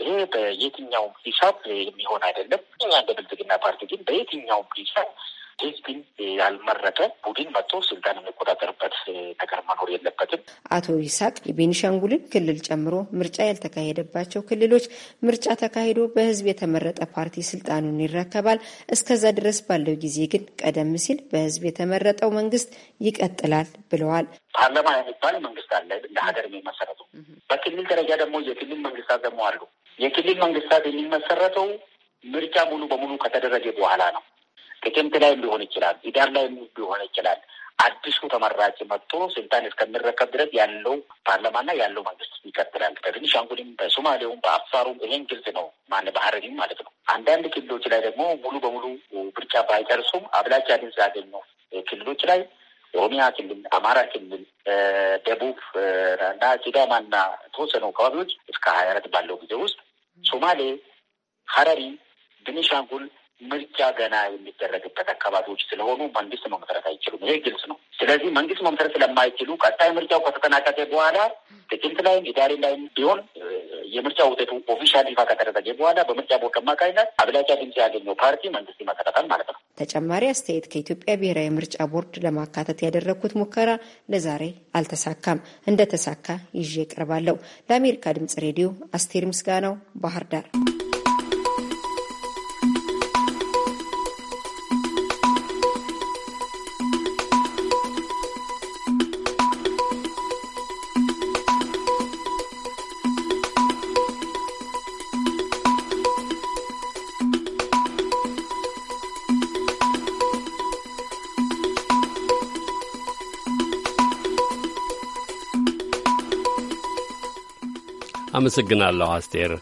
ይሄ በየትኛውም ሂሳብ የሚሆን አይደለም። እኛ እንደ ብልጽግና ፓርቲ ግን በየትኛውም ሂሳብ ህዝብን ያልመረጠ ቡድን መጥቶ ስልጣን የሚቆጣጠርበት ነገር መኖር የለበትም። አቶ ይስሐቅ የቤኒሻንጉልን ክልል ጨምሮ ምርጫ ያልተካሄደባቸው ክልሎች ምርጫ ተካሂዶ በህዝብ የተመረጠ ፓርቲ ስልጣኑን ይረከባል። እስከዛ ድረስ ባለው ጊዜ ግን ቀደም ሲል በህዝብ የተመረጠው መንግስት ይቀጥላል ብለዋል። ፓርላማ የሚባል መንግስት አለ እንደ ሀገር የሚመሰረቱ። በክልል ደረጃ ደግሞ የክልል መንግስታት ደግሞ አሉ። የክልል መንግስታት የሚመሰረተው ምርጫ ሙሉ በሙሉ ከተደረገ በኋላ ነው። ጥቅምት ላይ ሊሆን ይችላል፣ ሂዳር ላይ ሊሆን ይችላል። አዲሱ ተመራጭ መጥቶ ስልጣን እስከሚረከብ ድረስ ያለው ፓርላማና ያለው መንግስት ይቀጥላል። በቤኒሻንጉልም፣ በሶማሌውም፣ በአፋሩም ይሄን ግልጽ ነው። ማን በሀረሪም ማለት ነው። አንዳንድ ክልሎች ላይ ደግሞ ሙሉ በሙሉ ብርጫ ባይጨርሱም አብላጫ ድምፅ ያገኙ ክልሎች ላይ ኦሮሚያ ክልል፣ አማራ ክልል፣ ደቡብ እና ሲዳማና ተወሰኑ አካባቢዎች እስከ ሀያ አራት ባለው ጊዜ ውስጥ ሶማሌ፣ ሀረሪ፣ ቤኒሻንጉል ምርጫ ገና የሚደረግበት አካባቢዎች ስለሆኑ መንግስት መመስረት አይችሉም። ይሄ ግልጽ ነው። ስለዚህ መንግስት መመስረት ስለማይችሉ ቀጣይ ምርጫው ከተጠናቀቀ በኋላ ጥቅምት ላይም ኢዳሪ ላይም ቢሆን የምርጫ ውጤቱ ኦፊሻል ይፋ ከተደረገ በኋላ በምርጫ ቦርድ አማካኝነት አብላጫ ድምጽ ያገኘው ፓርቲ መንግስት ይመሰረታል ማለት ነው። ተጨማሪ አስተያየት ከኢትዮጵያ ብሔራዊ ምርጫ ቦርድ ለማካተት ያደረግኩት ሙከራ ለዛሬ አልተሳካም። እንደተሳካ ይዤ እቀርባለሁ። ለአሜሪካ ድምጽ ሬዲዮ አስቴር ምስጋናው ባህር ዳር አመሰግናለሁ አስቴር።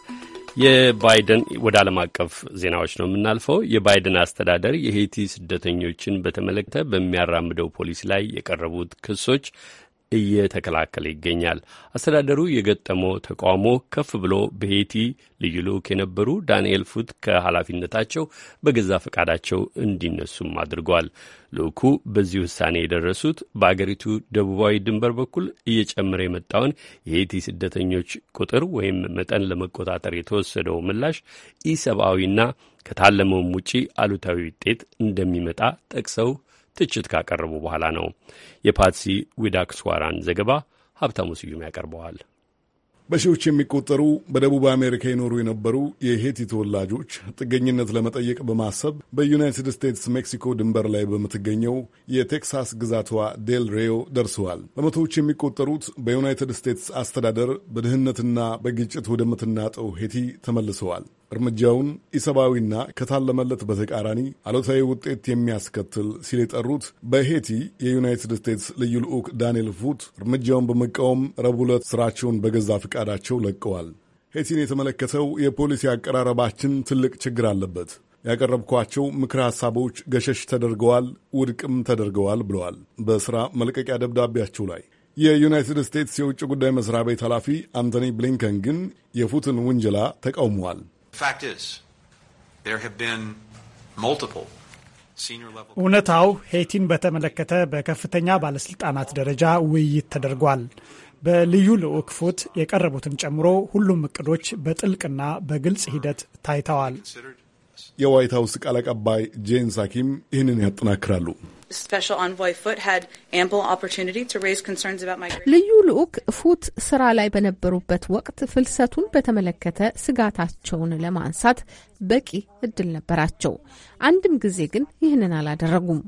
የባይደን ወደ ዓለም አቀፍ ዜናዎች ነው የምናልፈው። የባይደን አስተዳደር የሄቲ ስደተኞችን በተመለከተ በሚያራምደው ፖሊሲ ላይ የቀረቡት ክሶች እየተከላከለ ይገኛል። አስተዳደሩ የገጠመው ተቃውሞ ከፍ ብሎ በሄቲ ልዩ ልዑክ የነበሩ ዳንኤል ፉት ከኃላፊነታቸው በገዛ ፈቃዳቸው እንዲነሱም አድርጓል። ልዑኩ በዚህ ውሳኔ የደረሱት በአገሪቱ ደቡባዊ ድንበር በኩል እየጨመረ የመጣውን የሄቲ ስደተኞች ቁጥር ወይም መጠን ለመቆጣጠር የተወሰደው ምላሽ ኢሰብአዊና ከታለመውም ውጪ አሉታዊ ውጤት እንደሚመጣ ጠቅሰው ትችት ካቀረቡ በኋላ ነው። የፓትሲ ዊዳክስዋራን ዘገባ ሀብታሙ ስዩም ያቀርበዋል። በሺዎች የሚቆጠሩ በደቡብ አሜሪካ ይኖሩ የነበሩ የሄቲ ተወላጆች ጥገኝነት ለመጠየቅ በማሰብ በዩናይትድ ስቴትስ ሜክሲኮ ድንበር ላይ በምትገኘው የቴክሳስ ግዛቷ ዴል ሬዮ ደርሰዋል። በመቶዎች የሚቆጠሩት በዩናይትድ ስቴትስ አስተዳደር በድህነትና በግጭት ወደምትናጠው ሄቲ ተመልሰዋል። እርምጃውን ኢሰብአዊና ከታለመለት በተቃራኒ አሉታዊ ውጤት የሚያስከትል ሲል የጠሩት በሄቲ የዩናይትድ ስቴትስ ልዩ ልዑክ ዳንኤል ፉት እርምጃውን በመቃወም ረቡዕ ዕለት ስራቸውን በገዛ ፈቃዳቸው ለቀዋል። ሄቲን የተመለከተው የፖሊሲ አቀራረባችን ትልቅ ችግር አለበት ያቀረብኳቸው ምክረ ሐሳቦች ገሸሽ ተደርገዋል፣ ውድቅም ተደርገዋል ብለዋል በሥራ መልቀቂያ ደብዳቤያቸው ላይ። የዩናይትድ ስቴትስ የውጭ ጉዳይ መስሪያ ቤት ኃላፊ አንቶኒ ብሊንከን ግን የፉትን ውንጀላ ተቃውመዋል። እውነታው ሄይቲን በተመለከተ በከፍተኛ ባለስልጣናት ደረጃ ውይይት ተደርጓል። በልዩ ልዑክ ፉት የቀረቡትን ጨምሮ ሁሉም እቅዶች በጥልቅና በግልጽ ሂደት ታይተዋል። የዋይት ሀውስ ቃል አቀባይ ጄን ሳኪም ይህንን ያጠናክራሉ። ልዩ ልዑክ ፉት ስራ ላይ በነበሩበት ወቅት ፍልሰቱን በተመለከተ ስጋታቸውን ለማንሳት በቂ እድል ነበራቸው። አንድም ጊዜ ግን ይህንን አላደረጉም።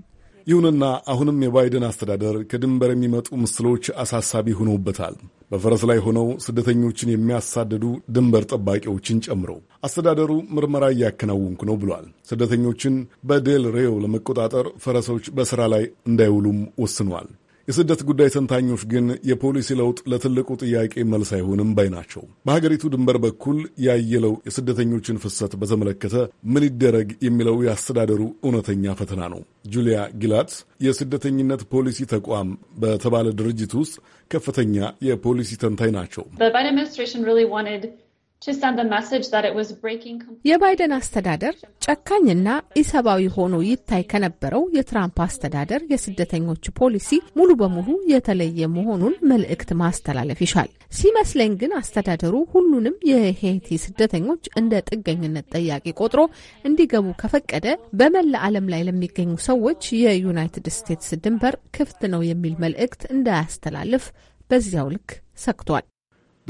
ይሁንና አሁንም የባይደን አስተዳደር ከድንበር የሚመጡ ምስሎች አሳሳቢ ሆነውበታል። በፈረስ ላይ ሆነው ስደተኞችን የሚያሳድዱ ድንበር ጠባቂዎችን ጨምሮ አስተዳደሩ ምርመራ እያከናወንኩ ነው ብሏል። ስደተኞችን በዴል ሬዮ ለመቆጣጠር ፈረሶች በስራ ላይ እንዳይውሉም ወስኗል። የስደት ጉዳይ ተንታኞች ግን የፖሊሲ ለውጥ ለትልቁ ጥያቄ መልስ አይሆንም ባይ ናቸው። በሀገሪቱ ድንበር በኩል ያየለው የስደተኞችን ፍሰት በተመለከተ ምን ይደረግ የሚለው የአስተዳደሩ እውነተኛ ፈተና ነው። ጁሊያ ጊላት የስደተኝነት ፖሊሲ ተቋም በተባለ ድርጅት ውስጥ ከፍተኛ የፖሊሲ ተንታኝ ናቸው። የባይደን አስተዳደር ጨካኝና ኢሰብአዊ ሆኖ ይታይ ከነበረው የትራምፕ አስተዳደር የስደተኞች ፖሊሲ ሙሉ በሙሉ የተለየ መሆኑን መልእክት ማስተላለፍ ይሻል። ሲመስለኝ ግን አስተዳደሩ ሁሉንም የሄቲ ስደተኞች እንደ ጥገኝነት ጠያቂ ቆጥሮ እንዲገቡ ከፈቀደ በመላ ዓለም ላይ ለሚገኙ ሰዎች የዩናይትድ ስቴትስ ድንበር ክፍት ነው የሚል መልእክት እንዳያስተላልፍ በዚያው ልክ ሰግቷል።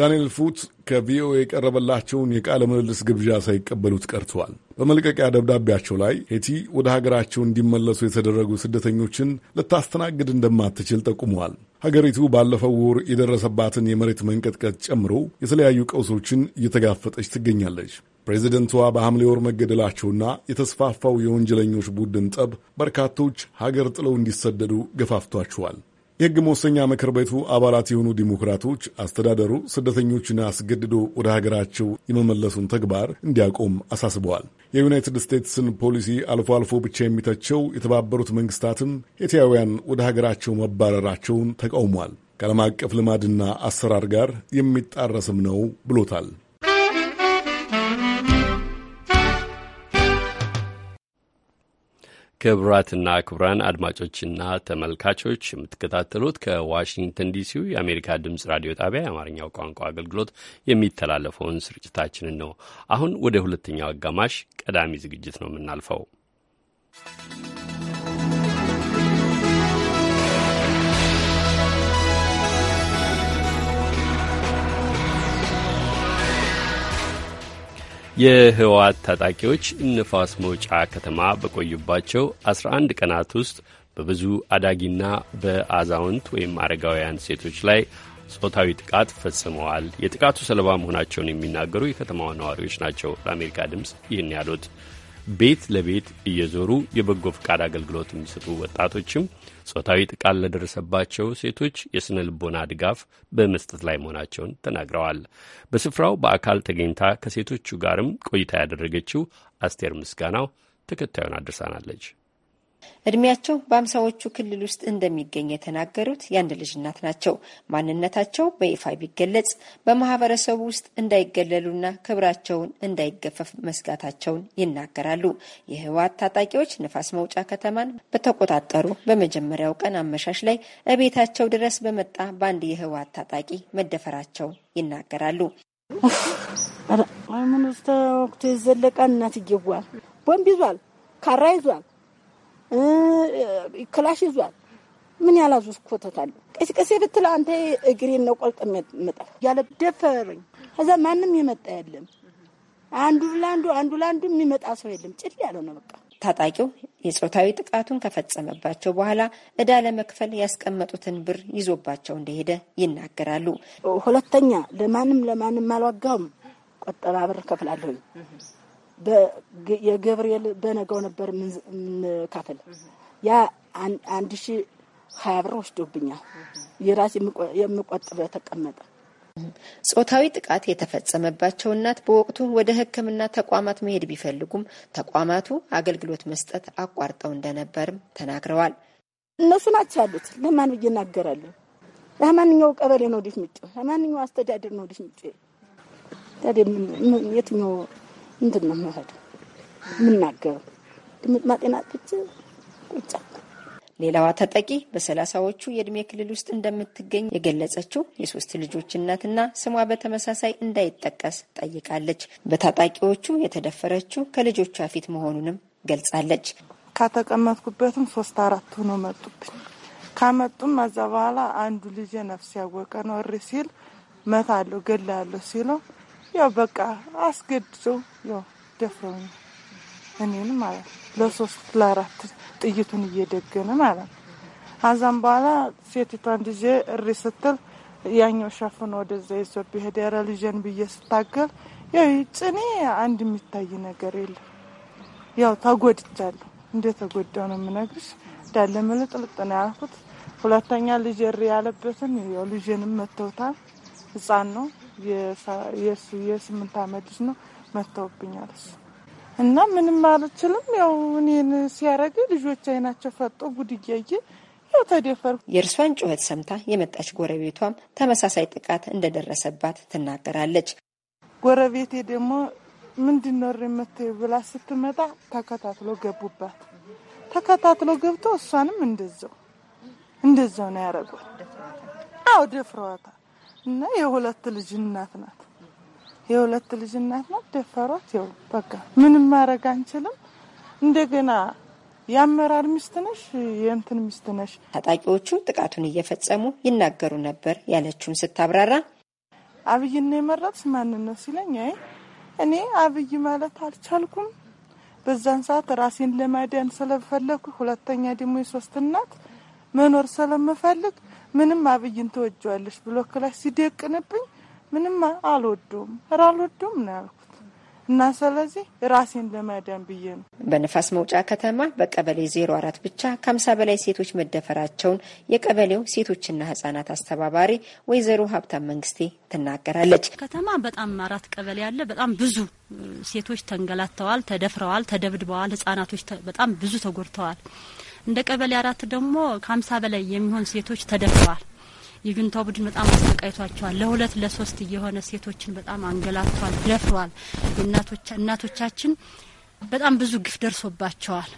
ዳንኤል ፉት ከቪኦኤ የቀረበላቸውን የቃለ ምልልስ ግብዣ ሳይቀበሉት ቀርተዋል። በመልቀቂያ ደብዳቤያቸው ላይ ሄቲ ወደ ሀገራቸው እንዲመለሱ የተደረጉ ስደተኞችን ልታስተናግድ እንደማትችል ጠቁመዋል። ሀገሪቱ ባለፈው ወር የደረሰባትን የመሬት መንቀጥቀጥ ጨምሮ የተለያዩ ቀውሶችን እየተጋፈጠች ትገኛለች። ፕሬዚደንቷ በሐምሌ ወር መገደላቸውና የተስፋፋው የወንጀለኞች ቡድን ጠብ በርካቶች ሀገር ጥለው እንዲሰደዱ ገፋፍቷቸዋል። የሕግ መወሰኛ ምክር ቤቱ አባላት የሆኑ ዲሞክራቶች አስተዳደሩ ስደተኞችን አስገድዶ ወደ ሀገራቸው የመመለሱን ተግባር እንዲያቆም አሳስበዋል። የዩናይትድ ስቴትስን ፖሊሲ አልፎ አልፎ ብቻ የሚተቸው የተባበሩት መንግስታትም ኢትዮጵያውያን ወደ ሀገራቸው መባረራቸውን ተቃውሟል። ከዓለም አቀፍ ልማድና አሰራር ጋር የሚጣረስም ነው ብሎታል። ክቡራትና ክቡራን አድማጮችና ተመልካቾች የምትከታተሉት ከዋሽንግተን ዲሲው የአሜሪካ ድምፅ ራዲዮ ጣቢያ የአማርኛው ቋንቋ አገልግሎት የሚተላለፈውን ስርጭታችንን ነው። አሁን ወደ ሁለተኛው አጋማሽ ቀዳሚ ዝግጅት ነው የምናልፈው። የህወሓት ታጣቂዎች ንፋስ መውጫ ከተማ በቆዩባቸው 11 ቀናት ውስጥ በብዙ አዳጊና በአዛውንት ወይም አረጋውያን ሴቶች ላይ ጾታዊ ጥቃት ፈጽመዋል። የጥቃቱ ሰለባ መሆናቸውን የሚናገሩ የከተማዋ ነዋሪዎች ናቸው ለአሜሪካ ድምፅ ይህን ያሉት። ቤት ለቤት እየዞሩ የበጎ ፈቃድ አገልግሎት የሚሰጡ ወጣቶችም ጾታዊ ጥቃት ለደረሰባቸው ሴቶች የስነ ልቦና ድጋፍ በመስጠት ላይ መሆናቸውን ተናግረዋል። በስፍራው በአካል ተገኝታ ከሴቶቹ ጋርም ቆይታ ያደረገችው አስቴር ምስጋናው ተከታዩን አድርሳናለች። እድሜያቸው በአምሳዎቹ ክልል ውስጥ እንደሚገኝ የተናገሩት የአንድ ልጅ እናት ናቸው። ማንነታቸው በይፋ ቢገለጽ በማህበረሰቡ ውስጥ እንዳይገለሉና ክብራቸውን እንዳይገፈፍ መስጋታቸውን ይናገራሉ። የህወሓት ታጣቂዎች ንፋስ መውጫ ከተማን በተቆጣጠሩ በመጀመሪያው ቀን አመሻሽ ላይ እቤታቸው ድረስ በመጣ በአንድ የህወሓት ታጣቂ መደፈራቸውን ይናገራሉ። አሁን ወቅቱ የዘለቀ እናት ቦምብ ይዟል፣ ካራ ይዟል ክላሽ ይዟል። ምን ያላዙስ ኮተታል ቀስቀሴ ብትለ አንተ እግሬን ነው ቆልጥ መጣ ያለ ደፈረኝ። ከዛ ማንም የመጣ የለም። አንዱ ለአንዱ አንዱ ለአንዱ የሚመጣ ሰው የለም። ጭል ያለው ነው በቃ። ታጣቂው የጾታዊ ጥቃቱን ከፈጸመባቸው በኋላ እዳ ለመክፈል ያስቀመጡትን ብር ይዞባቸው እንደሄደ ይናገራሉ። ሁለተኛ ለማንም ለማንም አልዋጋውም። ቆጠባ ብር ከፍላለሁኝ። የገብርኤል በነገው ነበር ምንከፍል ያ አንድ ሺ ሀያ ብር ወስዶብኛል። የራስ የምቆጥበ ተቀመጠ። ጾታዊ ጥቃት የተፈጸመባቸው እናት በወቅቱ ወደ ሕክምና ተቋማት መሄድ ቢፈልጉም ተቋማቱ አገልግሎት መስጠት አቋርጠው እንደነበርም ተናግረዋል። እነሱ ናቸው ያሉት። ለማን ብዬ እናገራለሁ? ለማንኛው ቀበሌ ነው ወዲህ ምጭ፣ ለማንኛው አስተዳደር ነው ወዲህ ምጭ። የትኛው ምንድን ነው የምሄደው የምናገረው ድምጥ ማጤና ጥጭ ቁጫ ሌላዋ ተጠቂ በሰላሳዎቹ የእድሜ ክልል ውስጥ እንደምትገኝ የገለጸችው የሶስት ልጆች እናትና ስሟ በተመሳሳይ እንዳይጠቀስ ጠይቃለች። በታጣቂዎቹ የተደፈረችው ከልጆቿ ፊት መሆኑንም ገልጻለች። ከተቀመጥኩበትም ሶስት አራት ሆኖ መጡብኝ። ካመጡም ከዛ በኋላ አንዱ ልጄ ነፍስ ያወቀ ነው እሪ ሲል መታለሁ ገላለሁ ሲለው ያው በቃ አስገድዶ ያው ደፍረው እኔን ማለት ለሶስት ለአራት ጥይቱን እየደገነ ማለት ነው። አዛም በኋላ ሴቲቷን ልጄ እሪ ስትል ያኛው ሸፍኖ ወደዛ ይዞ ቢሄድ ኧረ ልጄን ብዬ ስታገል ያው ጭኔ አንድ የሚታይ ነገር የለም። ያው ተጎድቻለሁ። እንደ ተጎዳው ነው የምነግርሽ። እንዳለ ምልጥልጥ ነው ያልኩት። ሁለተኛ ልጄ እሪ ያለበትን ያው ልጄንም መተውታል። ህፃን ነው የስምንት ዓመት ልጅ ነው መጥተውብኛል። እሱ እና ምንም አልችልም። ያው እኔን ሲያረግ ልጆች አይናቸው ፈጦ ጉድ እያየ ያው ተደፈርኩ። የእርሷን ጩኸት ሰምታ የመጣች ጎረቤቷም ተመሳሳይ ጥቃት እንደደረሰባት ትናገራለች። ጎረቤቴ ደግሞ ምንድን ነው የምትይው ብላ ስትመጣ ተከታትሎ ገቡባት። ተከታትሎ ገብቶ እሷንም እንደዛው እንደዛው ነው ያደረጉት። አዎ ደፍረዋታል። እና የሁለት ልጅ እናት ናት። የሁለት ልጅ እናት ናት። ደፈሯት። ያው በቃ ምንም ማድረግ አንችልም። እንደገና የአመራር ሚስት ነሽ፣ የእንትን ሚስት ነሽ። ታጣቂዎቹ ጥቃቱን እየፈጸሙ ይናገሩ ነበር ያለችውን ስታብራራ አብይን ነው የመረጥሽ ማንን ነው ሲለኝ፣ አይ እኔ አብይ ማለት አልቻልኩም። በዛን ሰዓት ራሴን ለማዳን ስለፈለኩ፣ ሁለተኛ ደግሞ የሶስት እናት መኖር ስለምፈልግ ምንም አብይን ተወጇለች ብሎ ክላሽ ሲደቅንብኝ ምንም አልወደውም ራ አልወደውም ነው ያልኩት። እና ስለዚህ ራሴን ለማዳን ብዬ ነው። በነፋስ መውጫ ከተማ በቀበሌ 04 ብቻ ከ50 በላይ ሴቶች መደፈራቸውን የቀበሌው ሴቶችና ህፃናት አስተባባሪ ወይዘሮ ሀብታም መንግስቴ ትናገራለች። ከተማ በጣም አራት ቀበሌ ያለ በጣም ብዙ ሴቶች ተንገላተዋል፣ ተደፍረዋል፣ ተደብድበዋል። ሕጻናቶች በጣም ብዙ ተጎድተዋል። እንደ ቀበሌ አራት ደግሞ ከሀምሳ በላይ የሚሆን ሴቶች ተደፍረዋል። የጁንታው ቡድን በጣም አሰቃይቷቸዋል። ለሁለት ለሶስት እየሆነ ሴቶችን በጣም አንገላቷል፣ ደፍሯል። እናቶቻችን በጣም ብዙ ግፍ ደርሶባቸዋል።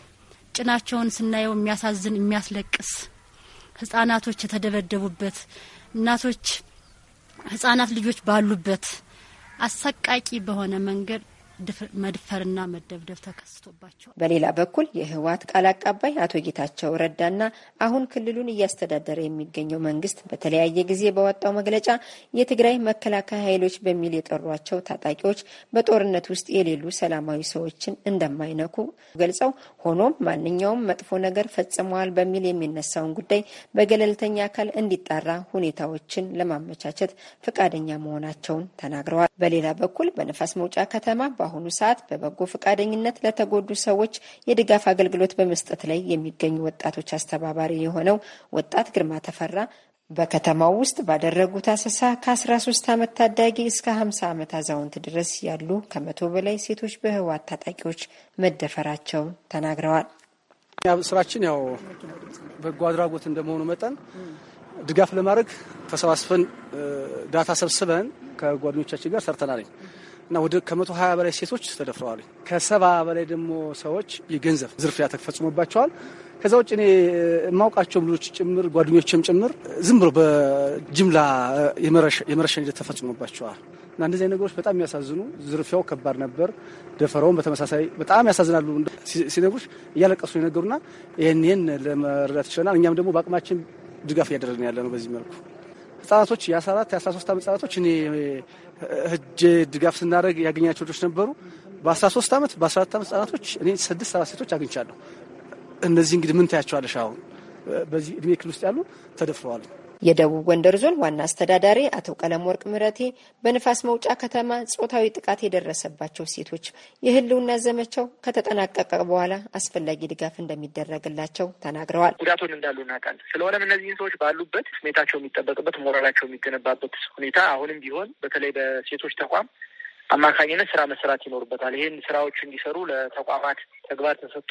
ጭናቸውን ስናየው የሚያሳዝን የሚያስለቅስ ህጻናቶች የተደበደቡበት እናቶች ህጻናት ልጆች ባሉበት አሰቃቂ በሆነ መንገድ መድፈርና መደብደብ ተከስቶባቸዋል። በሌላ በኩል የህወሀት ቃል አቀባይ አቶ ጌታቸው ረዳና አሁን ክልሉን እያስተዳደረ የሚገኘው መንግስት በተለያየ ጊዜ በወጣው መግለጫ የትግራይ መከላከያ ኃይሎች በሚል የጠሯቸው ታጣቂዎች በጦርነት ውስጥ የሌሉ ሰላማዊ ሰዎችን እንደማይነኩ ገልጸው፣ ሆኖም ማንኛውም መጥፎ ነገር ፈጽመዋል በሚል የሚነሳውን ጉዳይ በገለልተኛ አካል እንዲጣራ ሁኔታዎችን ለማመቻቸት ፈቃደኛ መሆናቸውን ተናግረዋል። በሌላ በኩል በነፋስ መውጫ ከተማ በአሁኑ ሰዓት በበጎ ፈቃደኝነት ለተጎዱ ሰዎች የድጋፍ አገልግሎት በመስጠት ላይ የሚገኙ ወጣቶች አስተባባሪ የሆነው ወጣት ግርማ ተፈራ በከተማው ውስጥ ባደረጉት አሰሳ ከ13 ዓመት ታዳጊ እስከ 50 ዓመት አዛውንት ድረስ ያሉ ከመቶ በላይ ሴቶች በህወሓት ታጣቂዎች መደፈራቸውን ተናግረዋል። ስራችን ያው በጎ አድራጎት እንደመሆኑ መጠን ድጋፍ ለማድረግ ተሰባስበን ዳታ ሰብስበን ከጓደኞቻችን ጋር ሰርተናል። እና ወደ ከመቶ ሀያ በላይ ሴቶች ተደፍረዋል። ከሰባ በላይ ደግሞ ሰዎች የገንዘብ ዝርፊያ ተፈጽሞባቸዋል። ከዛ ውጭ እኔ የማውቃቸውም ልጆች ጭምር ጓደኞችም ጭምር ዝም ብሎ በጅምላ የመረሸን ሂደት ተፈጽሞባቸዋል እና እንደዚህ ነገሮች በጣም የሚያሳዝኑ ዝርፊያው ከባድ ነበር። ደፈረውን በተመሳሳይ በጣም ያሳዝናሉ። ሲነግሩሽ እያለቀሱ የነገሩና ይህንን ለመረዳት ይችለናል። እኛም ደግሞ በአቅማችን ድጋፍ እያደረግን ያለ ነው በዚህ መልኩ ህጻናቶች የአስራ አራት የአስራ ሶስት ዓመት ህጻናቶች እኔ ህጅ ድጋፍ ስናደርግ ያገኛቸው ልጆች ነበሩ። በአስራ ሶስት ዓመት በ አራት ዓመት ህጻናቶች እኔ ስድስት ሰባት ሴቶች አግኝቻለሁ። እነዚህ እንግዲህ ምን ታያቸዋለሽ? አሁን በዚህ እድሜ ክል ውስጥ ያሉ ተደፍረዋል። የደቡብ ጎንደር ዞን ዋና አስተዳዳሪ አቶ ቀለም ወርቅ ምረቴ በንፋስ መውጫ ከተማ ጾታዊ ጥቃት የደረሰባቸው ሴቶች የህልውና ዘመቻው ከተጠናቀቀ በኋላ አስፈላጊ ድጋፍ እንደሚደረግላቸው ተናግረዋል። ጉዳቱን እንዳሉ እናውቃለን። ስለሆነም እነዚህን ሰዎች ባሉበት ስሜታቸው የሚጠበቅበት ሞራላቸው የሚገነባበት ሁኔታ አሁንም ቢሆን በተለይ በሴቶች ተቋም አማካኝነት ስራ መስራት ይኖርበታል። ይህን ስራዎች እንዲሰሩ ለተቋማት ተግባር ተሰጥቶ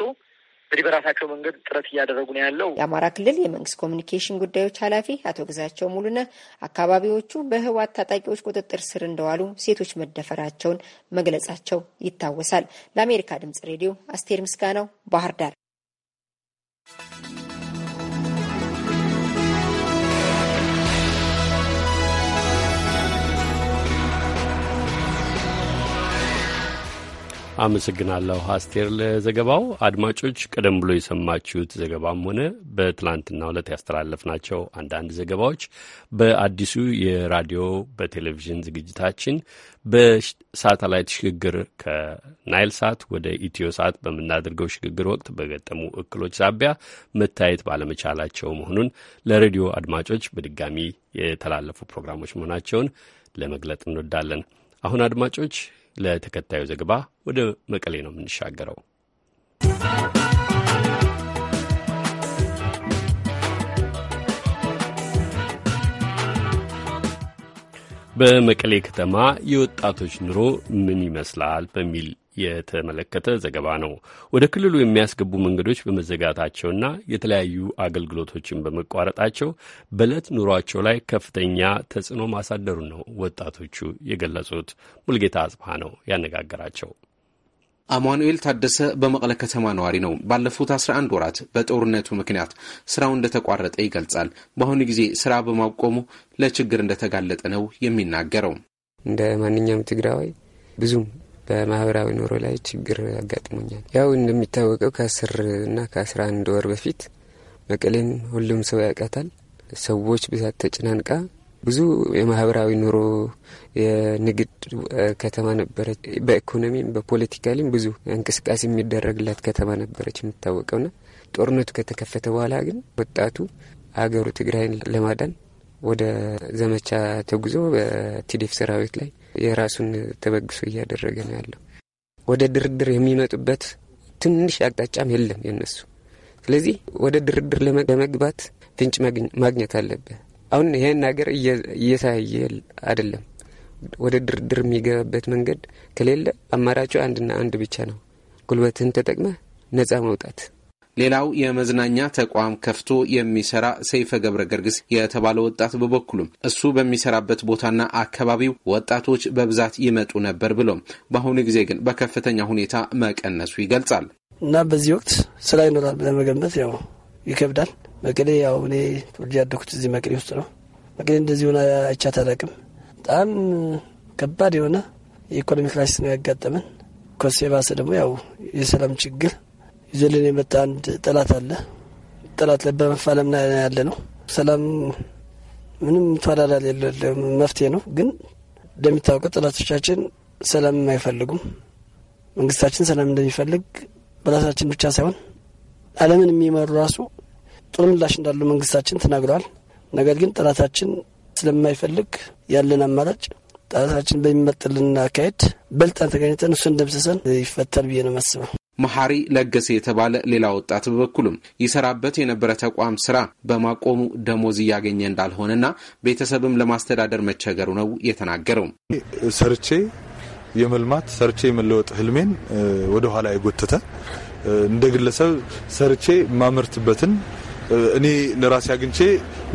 እንግዲህ በራሳቸው መንገድ ጥረት እያደረጉ ነው ያለው። የአማራ ክልል የመንግስት ኮሚኒኬሽን ጉዳዮች ኃላፊ አቶ ግዛቸው ሙሉነ አካባቢዎቹ በህወሓት ታጣቂዎች ቁጥጥር ስር እንደዋሉ ሴቶች መደፈራቸውን መግለጻቸው ይታወሳል። ለአሜሪካ ድምጽ ሬዲዮ አስቴር ምስጋናው ባህር ዳር። አመሰግናለሁ አስቴር ለዘገባው። አድማጮች ቀደም ብሎ የሰማችሁት ዘገባም ሆነ ሁለት ዕለት ያስተላለፍናቸው አንዳንድ ዘገባዎች በአዲሱ የራዲዮ በቴሌቪዥን ዝግጅታችን በሳተላይት ሽግግር ከናይል ሳት ወደ ኢትዮ ሳት በምናደርገው ሽግግር ወቅት በገጠሙ እክሎች ሳቢያ መታየት ባለመቻላቸው መሆኑን ለሬዲዮ አድማጮች በድጋሚ የተላለፉ ፕሮግራሞች መሆናቸውን ለመግለጥ እንወዳለን። አሁን አድማጮች ለተከታዩ ዘገባ ወደ መቀሌ ነው የምንሻገረው። በመቀሌ ከተማ የወጣቶች ኑሮ ምን ይመስላል በሚል የተመለከተ ዘገባ ነው። ወደ ክልሉ የሚያስገቡ መንገዶች በመዘጋታቸውና የተለያዩ አገልግሎቶችን በመቋረጣቸው በዕለት ኑሯቸው ላይ ከፍተኛ ተጽዕኖ ማሳደሩ ነው ወጣቶቹ የገለጹት። ሙልጌታ አጽፋ ነው ያነጋገራቸው። አማኑኤል ታደሰ በመቀለ ከተማ ነዋሪ ነው። ባለፉት 11 ወራት በጦርነቱ ምክንያት ስራው እንደተቋረጠ ይገልጻል። በአሁኑ ጊዜ ስራ በማቆሙ ለችግር እንደተጋለጠ ነው የሚናገረው። እንደ ማንኛውም ትግራዋይ ብዙም በማህበራዊ ኑሮ ላይ ችግር አጋጥሞኛል ያው እንደሚታወቀው ከአስር እና ከአስራ አንድ ወር በፊት መቀሌን ሁሉም ሰው ያውቃታል። ሰዎች ብዛት ተጨናንቃ ብዙ የማህበራዊ ኑሮ የንግድ ከተማ ነበረች። በኢኮኖሚም በፖለቲካሊም ብዙ እንቅስቃሴ የሚደረግላት ከተማ ነበረች የምታወቀውና ጦርነቱ ከተከፈተ በኋላ ግን ወጣቱ አገሩ ትግራይን ለማዳን ወደ ዘመቻ ተጉዞ በቲዲኤፍ ሰራዊት ላይ የራሱን ተበግሶ እያደረገ ነው ያለው። ወደ ድርድር የሚመጡበት ትንሽ አቅጣጫም የለም የነሱ። ስለዚህ ወደ ድርድር ለመግባት ፍንጭ ማግኘት አለብህ። አሁን ይህን ሀገር እየሳየ አይደለም። ወደ ድርድር የሚገባበት መንገድ ከሌለ አማራጩ አንድና አንድ ብቻ ነው፣ ጉልበትህን ተጠቅመህ ነጻ መውጣት ሌላው የመዝናኛ ተቋም ከፍቶ የሚሰራ ሰይፈ ገብረ ገርግስ የተባለ ወጣት በበኩሉም እሱ በሚሰራበት ቦታና አካባቢው ወጣቶች በብዛት ይመጡ ነበር ብሎም በአሁኑ ጊዜ ግን በከፍተኛ ሁኔታ መቀነሱ ይገልጻል። እና በዚህ ወቅት ስራ ይኖራል ብለን መገመት ያው ይከብዳል። መቀሌ ያው እኔ ትውልድ ያደኩት እዚህ መቀሌ ውስጥ ነው። መቀሌ እንደዚህ ሆነ አይቻ አላቅም። በጣም ከባድ የሆነ የኢኮኖሚ ክራይሲስ ነው ያጋጠመን። ከሱ የባሰ ደግሞ ያው የሰላም ችግር ይዘልን የመጣ አንድ ጠላት አለ። ጠላት ላይ በመፋለም ያለ ነው። ሰላም ምንም ተወዳዳሪ የለም፣ መፍትሄ ነው። ግን እንደሚታወቀው ጠላቶቻችን ሰላም አይፈልጉም። መንግስታችን ሰላም እንደሚፈልግ በራሳችን ብቻ ሳይሆን ዓለምን የሚመሩ ራሱ ጥሩ ምላሽ እንዳለው መንግስታችን ተናግረዋል። ነገር ግን ጠላታችን ስለማይፈልግ ያለን አማራጭ ጠላታችን በሚመጥልን አካሄድ በልጣን ተገኝተን እሱ እንደምስሰን ይፈታል ብዬ ነው የማስበው። መሐሪ ለገሰ የተባለ ሌላ ወጣት በበኩሉም ይሰራበት የነበረ ተቋም ስራ በማቆሙ ደሞዝ እያገኘ እንዳልሆነና ቤተሰብም ለማስተዳደር መቸገሩ ነው የተናገረው። ሰርቼ የመልማት ሰርቼ የመለወጥ ህልሜን ወደኋላ የጎተተ እንደ ግለሰብ ሰርቼ ማመርትበትን እኔ ለራሴ አግኝቼ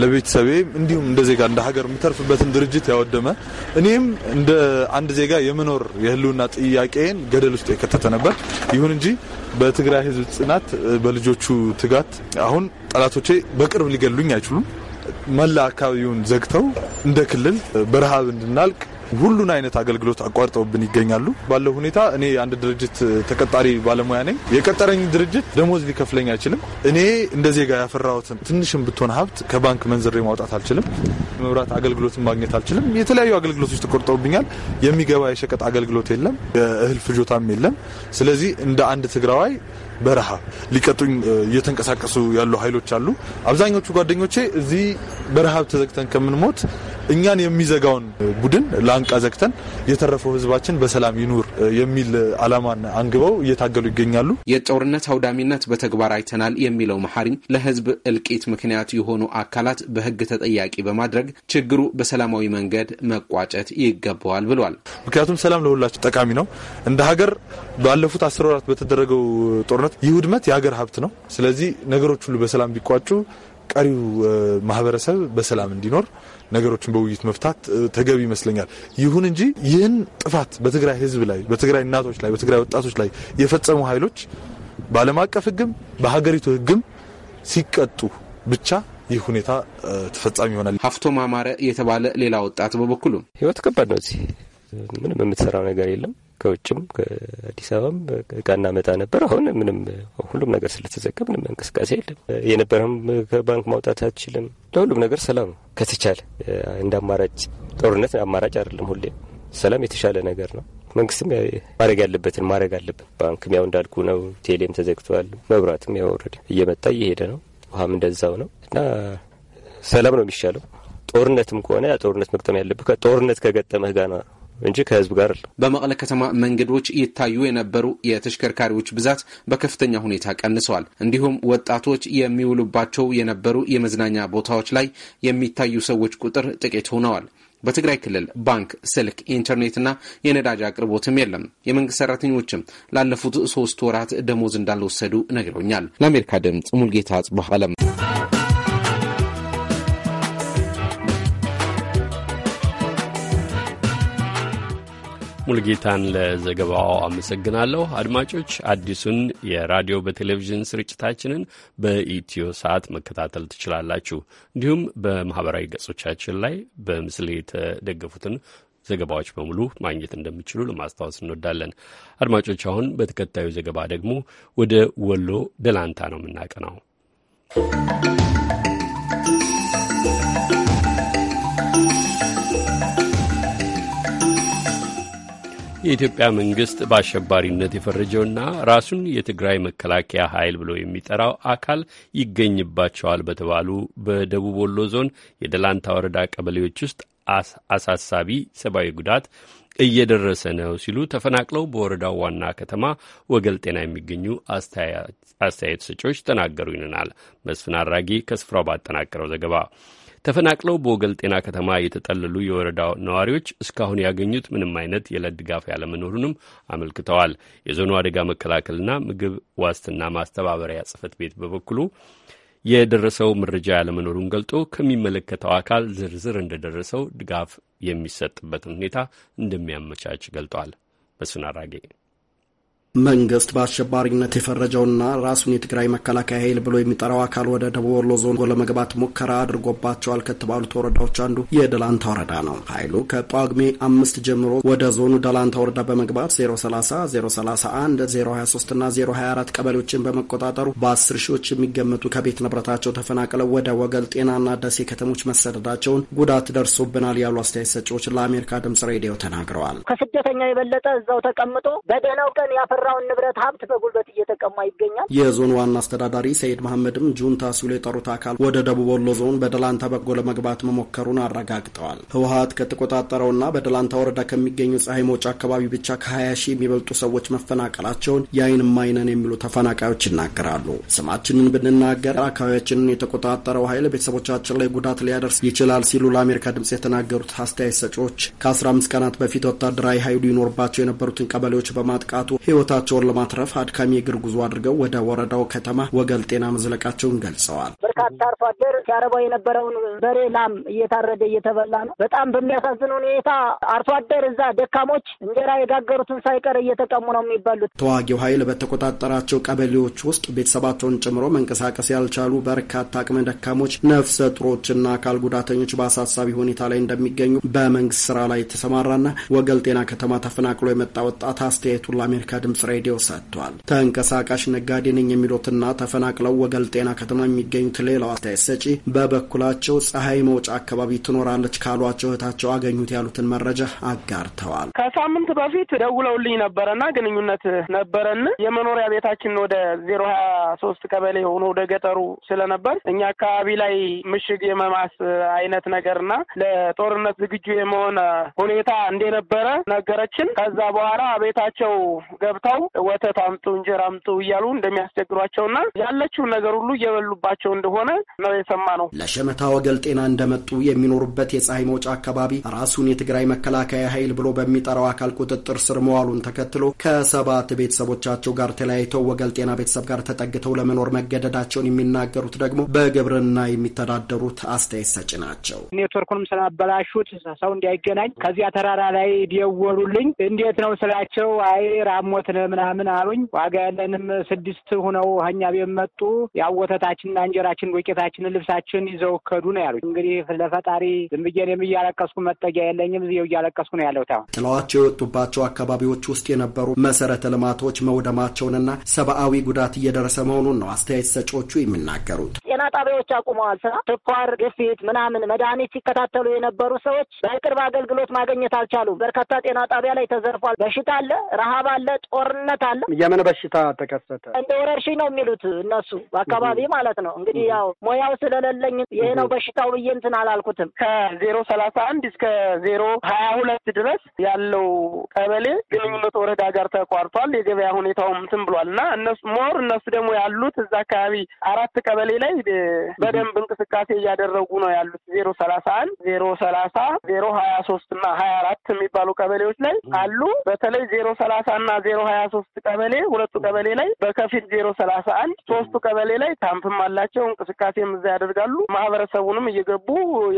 ለቤተሰቤም እንዲሁም እንደ ዜጋ እንደ ሀገር የምተርፍበትን ድርጅት ያወደመ እኔም እንደ አንድ ዜጋ የመኖር የህልውና ጥያቄን ገደል ውስጥ የከተተ ነበር። ይሁን እንጂ በትግራይ ህዝብ ጽናት፣ በልጆቹ ትጋት አሁን ጠላቶቼ በቅርብ ሊገሉኝ አይችሉም። መላ አካባቢውን ዘግተው እንደ ክልል በረሃብ እንድናልቅ ሁሉን አይነት አገልግሎት አቋርጠውብን ይገኛሉ። ባለው ሁኔታ እኔ አንድ ድርጅት ተቀጣሪ ባለሙያ ነኝ። የቀጠረኝ ድርጅት ደሞዝ ሊከፍለኝ አይችልም። እኔ እንደ ዜጋ ያፈራሁትን ትንሽም ብትሆን ሀብት ከባንክ መንዝሬ ማውጣት አልችልም። መብራት አገልግሎትን ማግኘት አልችልም። የተለያዩ አገልግሎቶች ተቆርጠውብኛል። የሚገባ የሸቀጥ አገልግሎት የለም። የእህል ፍጆታም የለም። ስለዚህ እንደ አንድ ትግራዋይ በረሃ ሊቀጡኝ እየተንቀሳቀሱ ያሉ ኃይሎች አሉ። አብዛኞቹ ጓደኞቼ እዚህ በረሃብ ተዘግተን ከምንሞት እኛን የሚዘጋውን ቡድን ለአንቃ ዘግተን የተረፈው ህዝባችን በሰላም ይኑር የሚል አላማን አንግበው እየታገሉ ይገኛሉ። የጦርነት አውዳሚነት በተግባር አይተናል የሚለው መሐሪም ለህዝብ እልቂት ምክንያት የሆኑ አካላት በህግ ተጠያቂ በማድረግ ችግሩ በሰላማዊ መንገድ መቋጨት ይገባዋል ብሏል። ምክንያቱም ሰላም ለሁላችን ጠቃሚ ነው። እንደ ሀገር ባለፉት አስር ወራት በተደረገው ጦርነት ውድመት ይህ ውድመት የሀገር ሀብት ነው። ስለዚህ ነገሮች ሁሉ በሰላም ቢቋጩ ቀሪው ማህበረሰብ በሰላም እንዲኖር ነገሮችን በውይይት መፍታት ተገቢ ይመስለኛል። ይሁን እንጂ ይህን ጥፋት በትግራይ ህዝብ ላይ በትግራይ እናቶች ላይ በትግራይ ወጣቶች ላይ የፈጸሙ ኃይሎች በዓለም አቀፍ ህግም በሀገሪቱ ህግም ሲቀጡ ብቻ ይህ ሁኔታ ተፈጻሚ ይሆናል። ሀፍቶ ማማረ የተባለ ሌላ ወጣት በበኩሉ ህይወት ከባድ ነው። እዚህ ምንም የምትሰራው ነገር የለም ከውጭም ከአዲስ አበባም እቃ መጣ ነበር። አሁን ምንም ሁሉም ነገር ስለተዘጋ ምንም እንቅስቃሴ የለም። የነበረም ከባንክ ማውጣት አትችልም። ለሁሉም ነገር ሰላም ከተቻለ እንደ አማራጭ ጦርነት አማራጭ አይደለም። ሁሌ ሰላም የተሻለ ነገር ነው። መንግስትም ማድረግ ያለበትን ማድረግ አለበት። ባንክም ያው እንዳልኩ ነው። ቴሌም ተዘግተዋል። መብራትም ያው ኦልሬዲ እየመጣ እየሄደ ነው። ውሃም እንደዛው ነው እና ሰላም ነው የሚሻለው። ጦርነትም ከሆነ ያ ጦርነት መግጠም ያለብህ ጦርነት ከገጠመህ ጋር እንጂ ከህዝብ ጋር አለ። በመቀለ ከተማ መንገዶች ይታዩ የነበሩ የተሽከርካሪዎች ብዛት በከፍተኛ ሁኔታ ቀንሰዋል። እንዲሁም ወጣቶች የሚውሉባቸው የነበሩ የመዝናኛ ቦታዎች ላይ የሚታዩ ሰዎች ቁጥር ጥቂት ሆነዋል። በትግራይ ክልል ባንክ፣ ስልክ፣ ኢንተርኔትና የነዳጅ አቅርቦትም የለም። የመንግስት ሰራተኞችም ላለፉት ሶስት ወራት ደሞዝ እንዳልወሰዱ ነግረውኛል። ለአሜሪካ ድምፅ ሙልጌታ አጽባለም ሙልጌታን ለዘገባው አመሰግናለሁ። አድማጮች አዲሱን የራዲዮ በቴሌቪዥን ስርጭታችንን በኢትዮ ሰዓት መከታተል ትችላላችሁ። እንዲሁም በማህበራዊ ገጾቻችን ላይ በምስል የተደገፉትን ዘገባዎች በሙሉ ማግኘት እንደሚችሉ ለማስታወስ እንወዳለን። አድማጮች አሁን በተከታዩ ዘገባ ደግሞ ወደ ወሎ ደላንታ ነው የምናቀናው። የኢትዮጵያ መንግስት በአሸባሪነት የፈረጀውና ራሱን የትግራይ መከላከያ ኃይል ብሎ የሚጠራው አካል ይገኝባቸዋል በተባሉ በደቡብ ወሎ ዞን የደላንታ ወረዳ ቀበሌዎች ውስጥ አሳሳቢ ሰብአዊ ጉዳት እየደረሰ ነው ሲሉ ተፈናቅለው በወረዳው ዋና ከተማ ወገል ጤና የሚገኙ አስተያየት ሰጪዎች ተናገሩ ይለናል መስፍን አራጌ ከስፍራው ባጠናቀረው ዘገባ። ተፈናቅለው በወገል ጤና ከተማ የተጠለሉ የወረዳው ነዋሪዎች እስካሁን ያገኙት ምንም አይነት የዕለት ድጋፍ ያለመኖሩንም አመልክተዋል። የዞኑ አደጋ መከላከልና ምግብ ዋስትና ማስተባበሪያ ጽህፈት ቤት በበኩሉ የደረሰው መረጃ ያለመኖሩን ገልጦ ከሚመለከተው አካል ዝርዝር እንደደረሰው ድጋፍ የሚሰጥበትን ሁኔታ እንደሚያመቻች ገልጧል። መስፍን አራጌ መንግስት በአሸባሪነት የፈረጀውና ራሱን የትግራይ መከላከያ ኃይል ብሎ የሚጠራው አካል ወደ ደቡብ ወሎ ዞን ለመግባት ሙከራ አድርጎባቸዋል ከተባሉት ወረዳዎች አንዱ የደላንታ ወረዳ ነው። ኃይሉ ከጳጉሜ አምስት ጀምሮ ወደ ዞኑ ደላንታ ወረዳ በመግባት 030፣ 031፣ 023 እና 024 ቀበሌዎችን በመቆጣጠሩ በአስር ሺዎች የሚገመቱ ከቤት ንብረታቸው ተፈናቅለው ወደ ወገል ጤናና ደሴ ከተሞች መሰደዳቸውን ጉዳት ደርሶብናል ያሉ አስተያየት ሰጪዎች ለአሜሪካ ድምጽ ሬዲዮ ተናግረዋል። ከስደተኛ የበለጠ እዛው ተቀምጦ በደህናው ቀን ያፈራ የወረዳውን ንብረት ሀብት በጉልበት እየተቀማ ይገኛል። የዞን ዋና አስተዳዳሪ ሰይድ መሐመድም ጁንታ ሲሉ የጠሩት አካል ወደ ደቡብ ወሎ ዞን በደላንታ በጎ ለመግባት መሞከሩን አረጋግጠዋል። ህወሀት ከተቆጣጠረውና በደላንታ ወረዳ ከሚገኙ ፀሐይ መውጫ አካባቢ ብቻ ከ20 ሺህ የሚበልጡ ሰዎች መፈናቀላቸውን የአይን ማይነን የሚሉ ተፈናቃዮች ይናገራሉ። ስማችንን ብንናገር አካባቢያችንን የተቆጣጠረው ኃይል ቤተሰቦቻችን ላይ ጉዳት ሊያደርስ ይችላል ሲሉ ለአሜሪካ ድምጽ የተናገሩት አስተያየት ሰጪዎች ከ15 ቀናት በፊት ወታደራዊ ኃይሉ ይኖርባቸው የነበሩትን ቀበሌዎች በማጥቃቱ ህይወት ሕይወታቸውን ለማትረፍ አድካሚ የእግር ጉዞ አድርገው ወደ ወረዳው ከተማ ወገል ጤና መዝለቃቸውን ገልጸዋል። በርካታ አርሶ አደር የነበረውን በሬ፣ ላም እየታረደ እየተበላ ነው። በጣም በሚያሳዝን ሁኔታ አርሶ አደር እዛ ደካሞች እንጀራ የጋገሩትን ሳይቀር እየተቀሙ ነው የሚበሉት። ተዋጊው ኃይል በተቆጣጠራቸው ቀበሌዎች ውስጥ ቤተሰባቸውን ጨምሮ መንቀሳቀስ ያልቻሉ በርካታ አቅመ ደካሞች፣ ነፍሰ ጡሮችና አካል ጉዳተኞች በአሳሳቢ ሁኔታ ላይ እንደሚገኙ በመንግስት ስራ ላይ የተሰማራና ወገል ጤና ከተማ ተፈናቅሎ የመጣ ወጣት አስተያየቱን ለአሜሪካ ድምጽ ድምፅ ሬዲዮ ሰጥቷል። ተንቀሳቃሽ ነጋዴ ነኝ የሚሉትና ተፈናቅለው ወገልጤና ከተማ የሚገኙት ሌላው አስተያየት ሰጪ በበኩላቸው ፀሐይ መውጫ አካባቢ ትኖራለች ካሏቸው እህታቸው አገኙት ያሉትን መረጃ አጋርተዋል። ከሳምንት በፊት ደውለውልኝ ነበረና ግንኙነት ነበረን። የመኖሪያ ቤታችን ወደ ዜሮ ሀያ ሶስት ቀበሌ ሆኖ ወደ ገጠሩ ስለነበር እኛ አካባቢ ላይ ምሽግ የመማስ አይነት ነገርና ለጦርነት ዝግጁ የመሆን ሁኔታ እንደነበረ ነገረችን። ከዛ በኋላ ቤታቸው ገብታ ሰው ወተት አምጡ፣ እንጀራ አምጡ እያሉ እንደሚያስቸግሯቸውና ያለችውን ነገር ሁሉ እየበሉባቸው እንደሆነ ነው የሰማ ነው። ለሸመታ ወገል ጤና እንደመጡ የሚኖሩበት የፀሐይ መውጫ አካባቢ ራሱን የትግራይ መከላከያ ኃይል ብሎ በሚጠራው አካል ቁጥጥር ስር መዋሉን ተከትሎ ከሰባት ቤተሰቦቻቸው ጋር ተለያይተው ወገል ጤና ቤተሰብ ጋር ተጠግተው ለመኖር መገደዳቸውን የሚናገሩት ደግሞ በግብርና የሚተዳደሩት አስተያየት ሰጪ ናቸው። ኔትወርኩንም ስላበላሹት ሰው እንዳይገናኝ ከዚያ ተራራ ላይ ደወሉልኝ። እንዴት ነው ስላቸው፣ አይ ራሞት ምናምን አሉኝ። ዋጋ ያለንም ስድስት ሁነው ሀኛ ቤት መጡ። ያው ወተታችንና እንጀራችን፣ ዱቄታችንን፣ ልብሳችን ይዘው ከዱ ነው ያሉኝ። እንግዲህ ለፈጣሪ ዝም ብዬ እኔም እያለቀስኩ መጠጊያ የለኝም። እዚው እያለቀስኩ ነው ያለሁት። አሁን ጥለዋቸው የወጡባቸው አካባቢዎች ውስጥ የነበሩ መሰረተ ልማቶች መውደማቸውንና ሰብአዊ ጉዳት እየደረሰ መሆኑን ነው አስተያየት ሰጪዎቹ የሚናገሩት። ጤና ጣቢያዎች አቁመዋል ስራ። ስኳር፣ ግፊት ምናምን መድኃኒት ሲከታተሉ የነበሩ ሰዎች በቅርብ አገልግሎት ማግኘት አልቻሉም። በርካታ ጤና ጣቢያ ላይ ተዘርፏል። በሽታ አለ፣ ረሃብ አለ፣ ጦር ጦርነት አለ። የምን በሽታ ተከሰተ? እንደ ወረርሽኝ ነው የሚሉት እነሱ አካባቢ ማለት ነው። እንግዲህ ያው ሙያው ስለሌለኝ ይሄ ነው በሽታው ብዬ እንትን አላልኩትም። ከዜሮ ሰላሳ አንድ እስከ ዜሮ ሀያ ሁለት ድረስ ያለው ቀበሌ ግንኙነት ወረዳ ጋር ተቋርጧል። የገበያ ሁኔታውም እንትን ብሏል እና እነሱ ሞር እነሱ ደግሞ ያሉት እዛ አካባቢ አራት ቀበሌ ላይ በደንብ እንቅስቃሴ እያደረጉ ነው ያሉት ዜሮ ሰላሳ አንድ ዜሮ ሰላሳ ዜሮ ሀያ ሶስት እና ሀያ አራት የሚባሉ ቀበሌዎች ላይ አሉ። በተለይ ዜሮ ሰላሳ እና ዜሮ ሀያ ሀያ ሶስት ቀበሌ ሁለቱ ቀበሌ ላይ በከፊል ዜሮ ሰላሳ አንድ ሶስቱ ቀበሌ ላይ ካምፕም አላቸው። እንቅስቃሴም እዛ ያደርጋሉ። ማህበረሰቡንም እየገቡ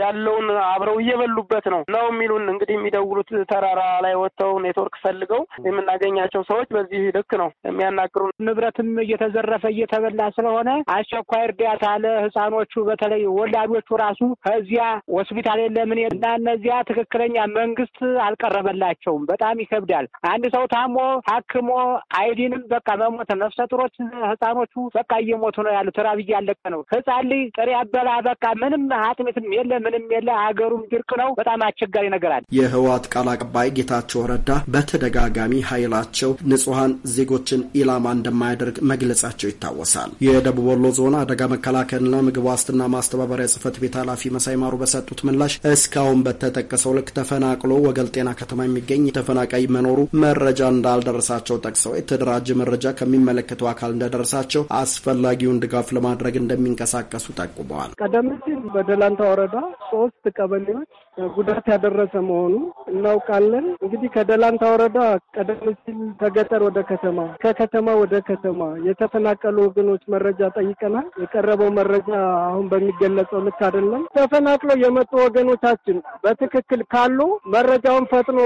ያለውን አብረው እየበሉበት ነው ነው የሚሉን እንግዲህ የሚደውሉት ተራራ ላይ ወጥተው ኔትወርክ ፈልገው የምናገኛቸው ሰዎች በዚህ ልክ ነው የሚያናግሩን። ንብረትም እየተዘረፈ እየተበላ ስለሆነ አስቸኳይ እርዳታ ለህፃኖቹ በተለይ ወላጆቹ ራሱ ከዚያ ሆስፒታል የለምን እና እነዚያ ትክክለኛ መንግስት አልቀረበላቸውም። በጣም ይከብዳል። አንድ ሰው ታሞ ሐክሞ ደግሞ አይዲንም በቃ በሞተ ነፍሰ ጡሮች ህፃኖቹ በቃ እየሞቱ ነው ያሉት። ራብ እያለቀ ነው። ህፃን ልጅ ጥሬ አበላ በቃ ምንም አጥሚትም የለ ምንም የለ። ሀገሩም ድርቅ ነው። በጣም አስቸጋሪ ነገር አለ። የህወሓት ቃል አቀባይ ጌታቸው ረዳ በተደጋጋሚ ኃይላቸው ንጹሐን ዜጎችን ኢላማ እንደማያደርግ መግለጻቸው ይታወሳል። የደቡብ ወሎ ዞን አደጋ መከላከልና ምግብ ዋስትና ማስተባበሪያ ጽህፈት ቤት ኃላፊ መሳይ ማሩ በሰጡት ምላሽ እስካሁን በተጠቀሰው ልክ ተፈናቅሎ ወገል ጤና ከተማ የሚገኝ ተፈናቃይ መኖሩ መረጃ እንዳልደረሳቸው ጠቅሰው የተደራጀ መረጃ ከሚመለከተው አካል እንደደረሳቸው አስፈላጊውን ድጋፍ ለማድረግ እንደሚንቀሳቀሱ ጠቁመዋል። ቀደም ሲል በደላንታ ወረዳ ሶስት ቀበሌዎች ጉዳት ያደረሰ መሆኑ እናውቃለን። እንግዲህ ከደላንታ ወረዳ ቀደም ሲል ከገጠር ወደ ከተማ፣ ከከተማ ወደ ከተማ የተፈናቀሉ ወገኖች መረጃ ጠይቀናል። የቀረበው መረጃ አሁን በሚገለጸው ልክ አይደለም። ተፈናቅሎ የመጡ ወገኖቻችን በትክክል ካሉ መረጃውን ፈጥኖ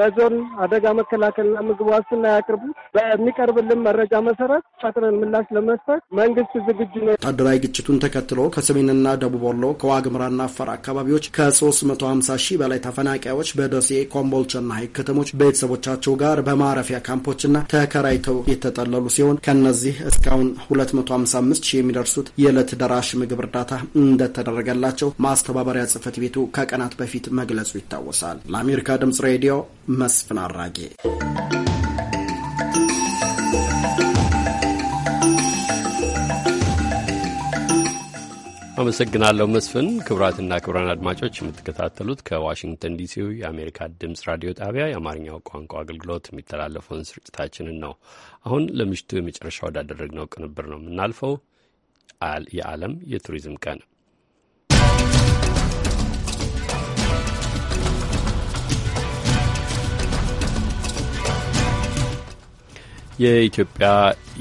ለዞን አደጋ መከላከልና ምግብ ዋስትና ያቅርቡ። በሚቀርብልን መረጃ መሰረት ፈጥነን ምላሽ ለመስጠት መንግስት ዝግጁ ነው። ወታደራዊ ግጭቱን ተከትሎ ከሰሜንና ደቡብ ወሎ ከዋግምራና አፋር አካባቢዎች ከሶስት 150 ሺህ በላይ ተፈናቃዮች በደሴ ኮምቦልቻና ሀይቅ ከተሞች ቤተሰቦቻቸው ጋር በማረፊያ ካምፖችና ተከራይተው የተጠለሉ ሲሆን ከነዚህ እስካሁን 255 ሺህ የሚደርሱት የዕለት ደራሽ ምግብ እርዳታ እንደተደረገላቸው ማስተባበሪያ ጽህፈት ቤቱ ከቀናት በፊት መግለጹ ይታወሳል። ለአሜሪካ ድምጽ ሬዲዮ መስፍን አራጌ አመሰግናለሁ መስፍን። ክቡራትና ክቡራን አድማጮች የምትከታተሉት ከዋሽንግተን ዲሲው የአሜሪካ ድምፅ ራዲዮ ጣቢያ የአማርኛው ቋንቋ አገልግሎት የሚተላለፈውን ስርጭታችንን ነው። አሁን ለምሽቱ የመጨረሻ ወዳደረግነው ቅንብር ነው የምናልፈው። የዓለም የቱሪዝም ቀን የኢትዮጵያ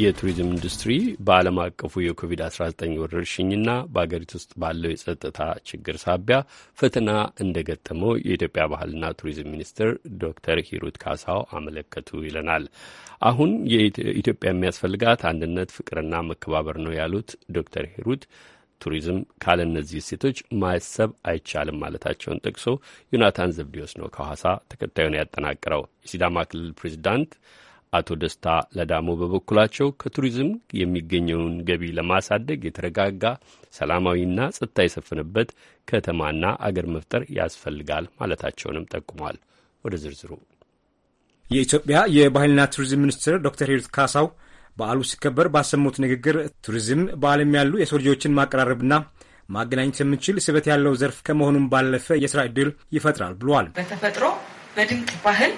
የቱሪዝም ኢንዱስትሪ በዓለም አቀፉ የኮቪድ-19 ወረርሽኝና በአገሪቱ ውስጥ ባለው የጸጥታ ችግር ሳቢያ ፈተና እንደገጠመው የኢትዮጵያ ባህልና ቱሪዝም ሚኒስትር ዶክተር ሂሩት ካሳው አመለከቱ ይለናል። አሁን የኢትዮጵያ የሚያስፈልጋት አንድነት፣ ፍቅርና መከባበር ነው ያሉት ዶክተር ሂሩት ቱሪዝም ካለ እነዚህ እሴቶች ማሰብ አይቻልም ማለታቸውን ጠቅሶ ዮናታን ዘብዲዮስ ነው ከሐዋሳ ተከታዩን ያጠናቅረው የሲዳማ ክልል ፕሬዚዳንት አቶ ደስታ ለዳሞ በበኩላቸው ከቱሪዝም የሚገኘውን ገቢ ለማሳደግ የተረጋጋ ሰላማዊና ጸጥታ የሰፈነበት ከተማና አገር መፍጠር ያስፈልጋል ማለታቸውንም ጠቁሟል። ወደ ዝርዝሩ። የኢትዮጵያ የባህልና ቱሪዝም ሚኒስትር ዶክተር ሂሩት ካሳው በዓሉ ሲከበር ባሰሙት ንግግር ቱሪዝም በዓለም ያሉ የሰው ልጆችን ማቀራረብና ማገናኘት የምንችል ስበት ያለው ዘርፍ ከመሆኑም ባለፈ የስራ ዕድል ይፈጥራል ብሏል። በተፈጥሮ በድንቅ ባህል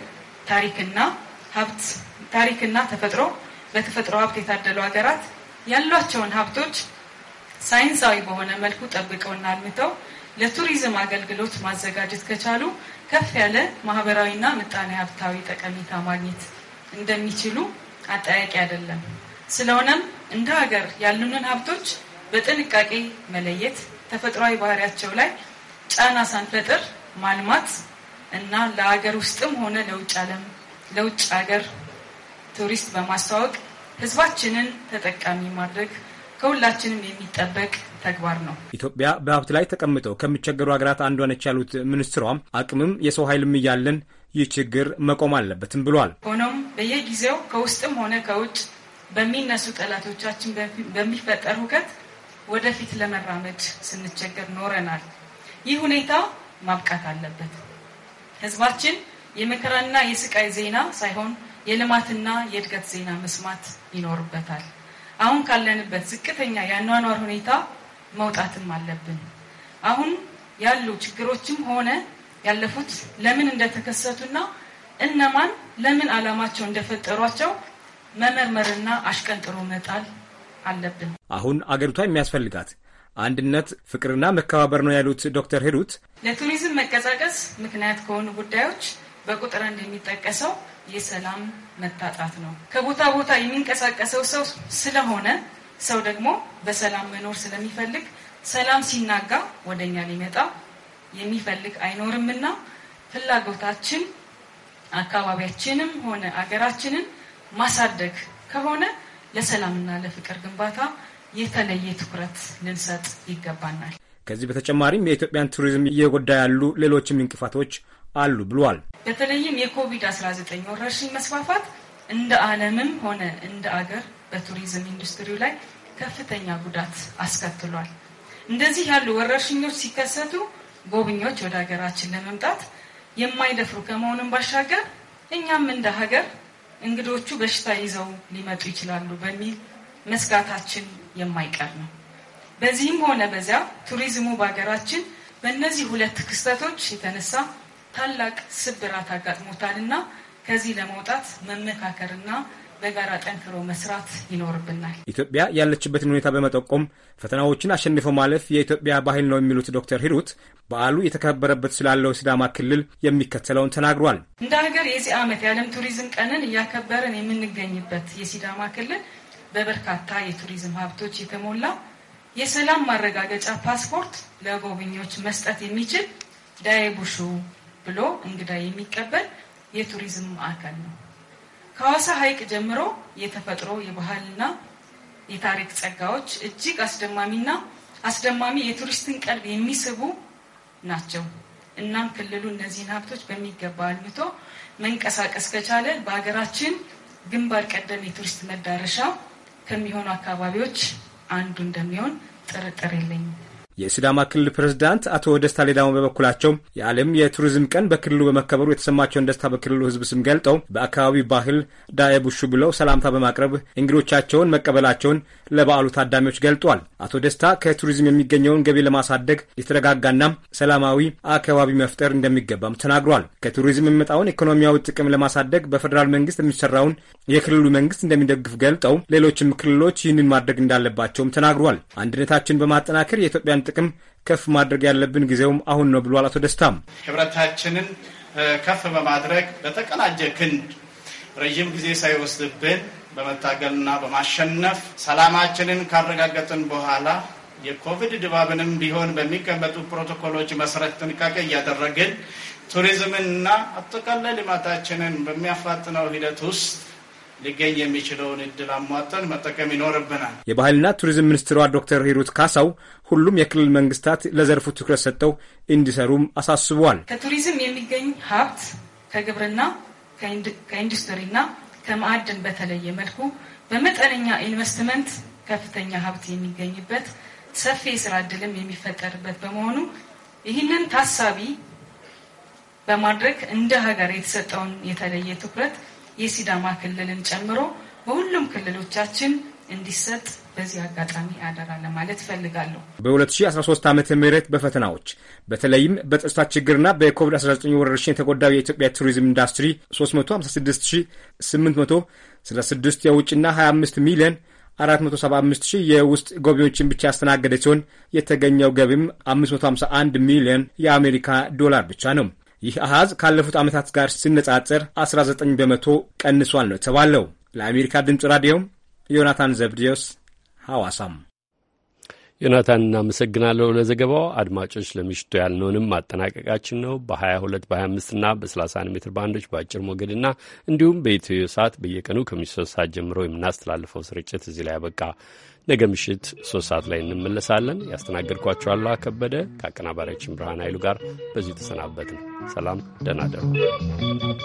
ታሪክና ሀብት ታሪክና ተፈጥሮ በተፈጥሮ ሀብት የታደሉ ሀገራት ያሏቸውን ሀብቶች ሳይንሳዊ በሆነ መልኩ ጠብቀውና አልምተው ለቱሪዝም አገልግሎት ማዘጋጀት ከቻሉ ከፍ ያለ ማህበራዊና ምጣኔ ሀብታዊ ጠቀሜታ ማግኘት እንደሚችሉ አጠያቂ አይደለም። ስለሆነም እንደ ሀገር ያሉንን ሀብቶች በጥንቃቄ መለየት፣ ተፈጥሯዊ ባህሪያቸው ላይ ጫና ሳንፈጥር ማልማት እና ለሀገር ውስጥም ሆነ ለውጭ ዓለም ለውጭ ሀገር ቱሪስት በማስተዋወቅ ህዝባችንን ተጠቃሚ ማድረግ ከሁላችንም የሚጠበቅ ተግባር ነው። ኢትዮጵያ በሀብት ላይ ተቀምጠው ከሚቸገሩ ሀገራት አንዷ ነች ያሉት ሚኒስትሯም አቅምም የሰው ኃይልም እያለን ይህ ችግር መቆም አለበትም ብሏል። ሆኖም በየጊዜው ከውስጥም ሆነ ከውጭ በሚነሱ ጠላቶቻችን በሚፈጠር ሁከት ወደፊት ለመራመድ ስንቸገር ኖረናል። ይህ ሁኔታ ማብቃት አለበት። ህዝባችን የመከራና የስቃይ ዜና ሳይሆን የልማትና የእድገት ዜና መስማት ይኖርበታል። አሁን ካለንበት ዝቅተኛ የአኗኗር ሁኔታ መውጣትም አለብን። አሁን ያሉ ችግሮችም ሆነ ያለፉት ለምን እንደተከሰቱና እነማን ለምን ዓላማቸው እንደፈጠሯቸው መመርመርና አሽቀንጥሮ መጣል አለብን። አሁን አገሪቷ የሚያስፈልጋት አንድነት፣ ፍቅርና መከባበር ነው ያሉት ዶክተር ሂሩት ለቱሪዝም መቀዛቀስ ምክንያት ከሆኑ ጉዳዮች በቁጥር አንድ የሚጠቀሰው የሰላም መታጣት ነው። ከቦታ ቦታ የሚንቀሳቀሰው ሰው ስለሆነ ሰው ደግሞ በሰላም መኖር ስለሚፈልግ ሰላም ሲናጋ ወደኛ ሊመጣ የሚፈልግ አይኖርምና ፍላጎታችን አካባቢያችንም ሆነ አገራችንን ማሳደግ ከሆነ ለሰላምና ለፍቅር ግንባታ የተለየ ትኩረት ልንሰጥ ይገባናል። ከዚህ በተጨማሪም የኢትዮጵያን ቱሪዝም እየጎዳ ያሉ ሌሎችም እንቅፋቶች አሉ ብሏል። በተለይም የኮቪድ-19 ወረርሽኝ መስፋፋት እንደ ዓለምም ሆነ እንደ አገር በቱሪዝም ኢንዱስትሪው ላይ ከፍተኛ ጉዳት አስከትሏል። እንደዚህ ያሉ ወረርሽኞች ሲከሰቱ ጎብኚዎች ወደ ሀገራችን ለመምጣት የማይደፍሩ ከመሆኑም ባሻገር እኛም እንደ ሀገር እንግዶቹ በሽታ ይዘው ሊመጡ ይችላሉ በሚል መስጋታችን የማይቀር ነው። በዚህም ሆነ በዚያ ቱሪዝሙ በሀገራችን በእነዚህ ሁለት ክስተቶች የተነሳ ታላቅ ስብራት አጋጥሞታልና ከዚህ ለመውጣት መመካከርና በጋራ ጠንክሮ መስራት ይኖርብናል። ኢትዮጵያ ያለችበትን ሁኔታ በመጠቆም ፈተናዎችን አሸንፎ ማለፍ የኢትዮጵያ ባህል ነው የሚሉት ዶክተር ሂሩት በዓሉ የተከበረበት ስላለው ሲዳማ ክልል የሚከተለውን ተናግሯል። እንደ ሀገር የዚህ ዓመት የዓለም ቱሪዝም ቀንን እያከበርን የምንገኝበት የሲዳማ ክልል በበርካታ የቱሪዝም ሀብቶች የተሞላ የሰላም ማረጋገጫ ፓስፖርት ለጎብኚዎች መስጠት የሚችል ዳይቡሹ ብሎ እንግዳ የሚቀበል የቱሪዝም ማዕከል ነው። ከሐዋሳ ሐይቅ ጀምሮ የተፈጥሮ የባህልና የታሪክ ጸጋዎች እጅግ አስደማሚና አስደማሚ የቱሪስትን ቀልብ የሚስቡ ናቸው። እናም ክልሉ እነዚህን ሀብቶች በሚገባ አልምቶ መንቀሳቀስ ከቻለ በሀገራችን ግንባር ቀደም የቱሪስት መዳረሻ ከሚሆኑ አካባቢዎች አንዱ እንደሚሆን ጥርጥር የለኝም። የሲዳማ ክልል ፕሬዝዳንት አቶ ደስታ ሌዳሞ በበኩላቸው የዓለም የቱሪዝም ቀን በክልሉ በመከበሩ የተሰማቸውን ደስታ በክልሉ ሕዝብ ስም ገልጠው በአካባቢው ባህል ዳየቡሹ ብለው ሰላምታ በማቅረብ እንግዶቻቸውን መቀበላቸውን ለበዓሉ ታዳሚዎች ገልጧል። አቶ ደስታ ከቱሪዝም የሚገኘውን ገቢ ለማሳደግ የተረጋጋና ሰላማዊ አካባቢ መፍጠር እንደሚገባም ተናግሯል። ከቱሪዝም የሚመጣውን ኢኮኖሚያዊ ጥቅም ለማሳደግ በፌዴራል መንግስት የሚሰራውን የክልሉ መንግስት እንደሚደግፍ ገልጠው ሌሎችም ክልሎች ይህንን ማድረግ እንዳለባቸውም ተናግሯል። አንድነታችን በማጠናከር የኢትዮጵያን ጥቅም ከፍ ማድረግ ያለብን ጊዜውም አሁን ነው ብሏል አቶ ደስታም። ህብረታችንን ከፍ በማድረግ በተቀናጀ ክንድ ረዥም ጊዜ ሳይወስድብን በመታገልና በማሸነፍ ሰላማችንን ካረጋገጥን በኋላ የኮቪድ ድባብንም ቢሆን በሚቀመጡ ፕሮቶኮሎች መሰረት ጥንቃቄ እያደረግን ቱሪዝምንና አጠቃላይ ልማታችንን በሚያፋጥነው ሂደት ውስጥ ሊገኝ የሚችለውን እድል አሟጠን መጠቀም ይኖርብናል። የባህልና ቱሪዝም ሚኒስትሯ ዶክተር ሂሩት ካሳው ሁሉም የክልል መንግስታት ለዘርፉ ትኩረት ሰጥተው እንዲሰሩም አሳስቧል። ከቱሪዝም የሚገኝ ሀብት ከግብርና ከኢንዱስትሪና ከማዕድን በተለየ መልኩ በመጠነኛ ኢንቨስትመንት ከፍተኛ ሀብት የሚገኝበት ሰፊ የስራ እድልም የሚፈጠርበት በመሆኑ ይህንን ታሳቢ በማድረግ እንደ ሀገር የተሰጠውን የተለየ ትኩረት የሲዳማ ክልልን ጨምሮ በሁሉም ክልሎቻችን እንዲሰጥ በዚህ አጋጣሚ አደራ ለማለት ፈልጋለሁ። በ2013 ዓ ም በፈተናዎች በተለይም በጸጥታ ችግርና በኮቪድ-19 ወረርሽኝ የተጎዳው የኢትዮጵያ ቱሪዝም ኢንዱስትሪ 356836 የውጭና 25 ሚሊዮን 475 ሺህ የውስጥ ጎብኚዎችን ብቻ ያስተናገደ ሲሆን የተገኘው ገቢም 551 ሚሊዮን የአሜሪካ ዶላር ብቻ ነው። ይህ አሃዝ ካለፉት ዓመታት ጋር ሲነጻጸር 19 በመቶ ቀንሷል ነው የተባለው። ለአሜሪካ ድምፅ ራዲዮ ዮናታን ዘብዲዮስ ሐዋሳም። ዮናታን እናመሰግናለሁ ለዘገባው። አድማጮች ለምሽቱ ያልነውንም ማጠናቀቃችን ነው። በ22 በ25 እና በ31 ሜትር ባንዶች በአጭር ሞገድና እንዲሁም በኢትዮ ሰዓት በየቀኑ ከሚሶስት ሰዓት ጀምሮ የምናስተላልፈው ስርጭት እዚህ ላይ አበቃ። ነገ ምሽት ሶስት ሰዓት ላይ እንመለሳለን። ያስተናገድኳችኋለሁ ከበደ ከአቀናባሪያችን ብርሃን ኃይሉ ጋር በዚሁ ተሰናበትን። ሰላም ደናደሩ።